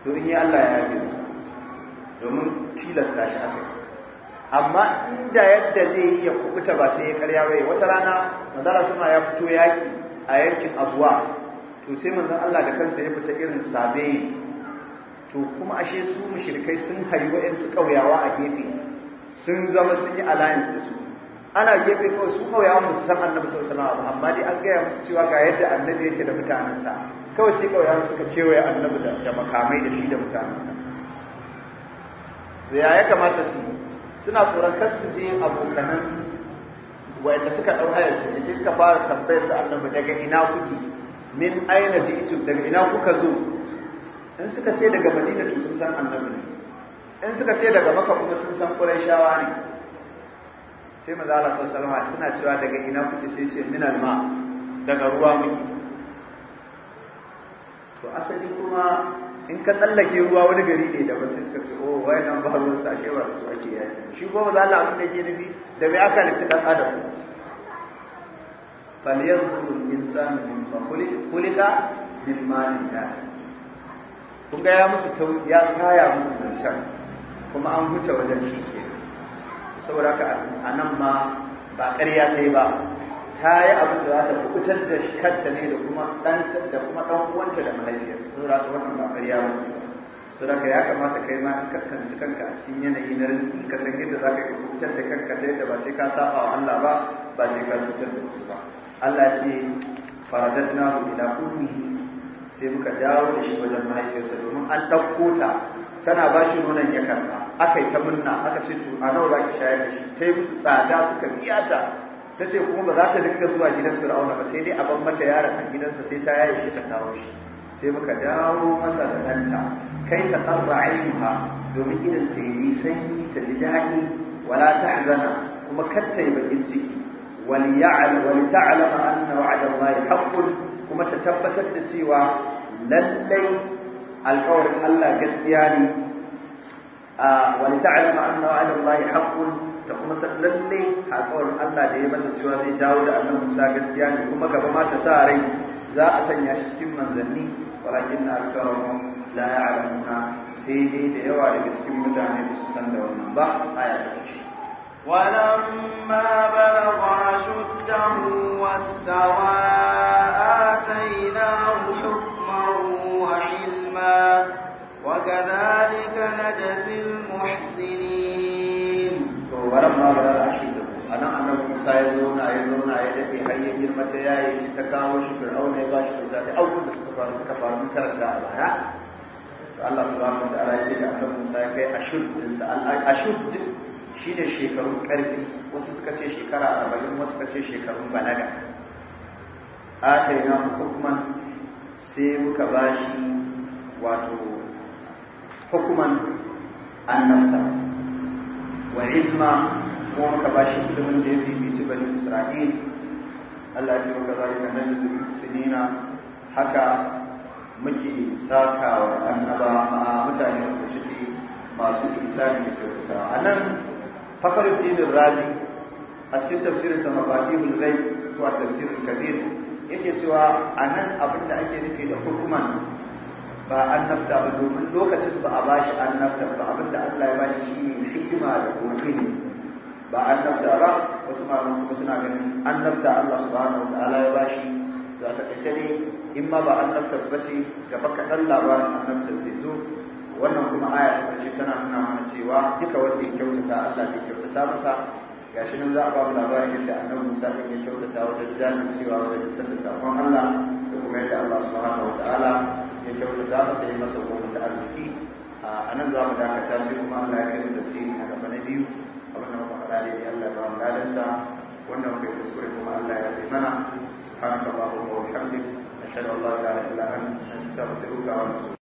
to in yi Allah ya yi masa domin tilasta shi haka amma inda yadda zai yi ya kubuta ba sai ya karya bai wata rana manzala suna ya fito yaki a yankin abuwa to sai manzon Allah da kansa ya fita irin sabe to kuma ashe su mushrikai sun hayi su kauyawa a gefe sun zama sun yi alliance da su ana gefe kawai su kauyawa musu san annabi sallallahu alaihi amma dai an gaya musu cewa ga yadda annabi yake da mutanensa kawai sai kauyawa suka kewaye annabi da makamai da shi da mutanensa da ya kamata su suna tsoron kar su je abokanan wanda suka ɗau su ne sai suka fara tambayar su annabi daga ina kuke min aina ji'tum daga ina kuka zo in suka ce daga madina to sun san annabi ne in suka ce daga maka kuma sun san shawa ne sai manzo Allah sallallahu alaihi suna cewa daga ina kuke sai ce min alma daga ruwa muke to asali kuma in ka tsallake ruwa wani gari ne da wasu suka ce oh wai nan ba ruwan sa shewa su ake yayi shi ba za Allah abin da ke nufi da bai aka lice dan adam falyanzuru al min mimma khuliqa min ma dafi kun ga ya musu ya saya musu zancen kuma an huce wajen shi ke saboda haka a nan ma ba ƙarya ta yi ba ta yi abin da za ta kubutar da shi kanta ne da kuma ɗan uwanta da mahaifiyar saboda ta wannan ba ƙarya ba ce ka ya kamata kai ma in kaskanci kanka a cikin yanayi na rinki ka san yadda za ka yi cutar da kanka ta yadda ba sai ka saba wa Allah ba ba sai ka cutar da wasu ba Allah ce faradat na hu ila ummihi sai muka dawo da shi wajen mahaifiyarsa domin an ɗauko ta tana ba shi nunan ya karɓa aka yi ta murna aka ce to a nawa za ki shayar da shi ta yi musu tsada suka biya ta ta ce kuma ba za ta dinga zuwa gidan fir'auna ba sai dai a ban mata yaron a gidansa sai ta yaye shi ta kawo shi sai muka dawo masa da ɗanta kai ka ƙarra ainuha domin idan ta yi sanyi ta ji daɗi wala ta hazana kuma kar ta yi baƙin ciki wali ta'alama anna wa'adan lahi haƙƙun, kuma ta tabbatar da cewa lallai alƙawarin Allah gaskiya ne wani ta'alama anna wa'adan lahi haƙƙun, ta kuma san lallai alƙawarin Allah da ya mata cewa zai dawo da annabi Musa gaskiya ne kuma gaba ma ta sa rai za a sanya shi cikin manzanni ولكن أكثرهم لا يعلمون سيدي دعوار بسكم جاني بسسند ونبع آيات ولما بلغ شده واستوى آتيناه حكما وعلما وكذلك نجزي المحسنين ولما بلغ شده anan annabi Musa ya zauna ya zauna ya dade har ya girma ta yaye shi ta kawo shi Fir'auna ya ba shi kyauta da abubuwan da suka faru suka faru mun karanta a baya to Allah subhanahu wataala ya ce da annabi Musa ya kai ashud din sa ashud da shekarun karfi wasu suka ce shekara 40 wasu suka ce shekarun balaga ataina hukman sai muka bashi wato hukuman annabta wa ilma kuma ka ba shi ilimin da ya fi ci bani isra'il Allah ya ce maka zalika su sinina haka muke saka wa annaba ma mutane da suke masu isa da kyautata a nan fakhruddin razi a cikin tafsirin sa mafatihul ghaib ko a tafsirin kabir yake cewa a nan abin da ake nufi da hukuman ba annabta ba domin lokacin ba a bashi annabta ba abin da Allah ya bashi ne hikima da kokini ba annabta ba wasu malaman kuma suna ganin annabta Allah subhanahu wa ta'ala ya bashi za ta kace ne in ma ba annabta ba ce gaba kaɗan labarin annabta zai zo wannan kuma aya ta ƙarshe tana nuna mana cewa duka wanda ya kyautata Allah zai kyautata masa gashi nan za a ba mu labarin yadda annabi Musa ya kyautata wajen jajircewa wajen isar da saƙon Allah da kuma yadda Allah subhanahu wa ta'ala ya kyautata masa ya masa goma da arziki a nan za mu dakata sai kuma Allah ya kai tafsiri a gaba na biyu abin da muka faɗa daidai Allah ba mu ladansa wannan muka yi kuskure kuma Allah ya bi mana subhanaka allahumma wa bihamdik ashhadu an la ilaha illa anta astaghfiruka wa atubu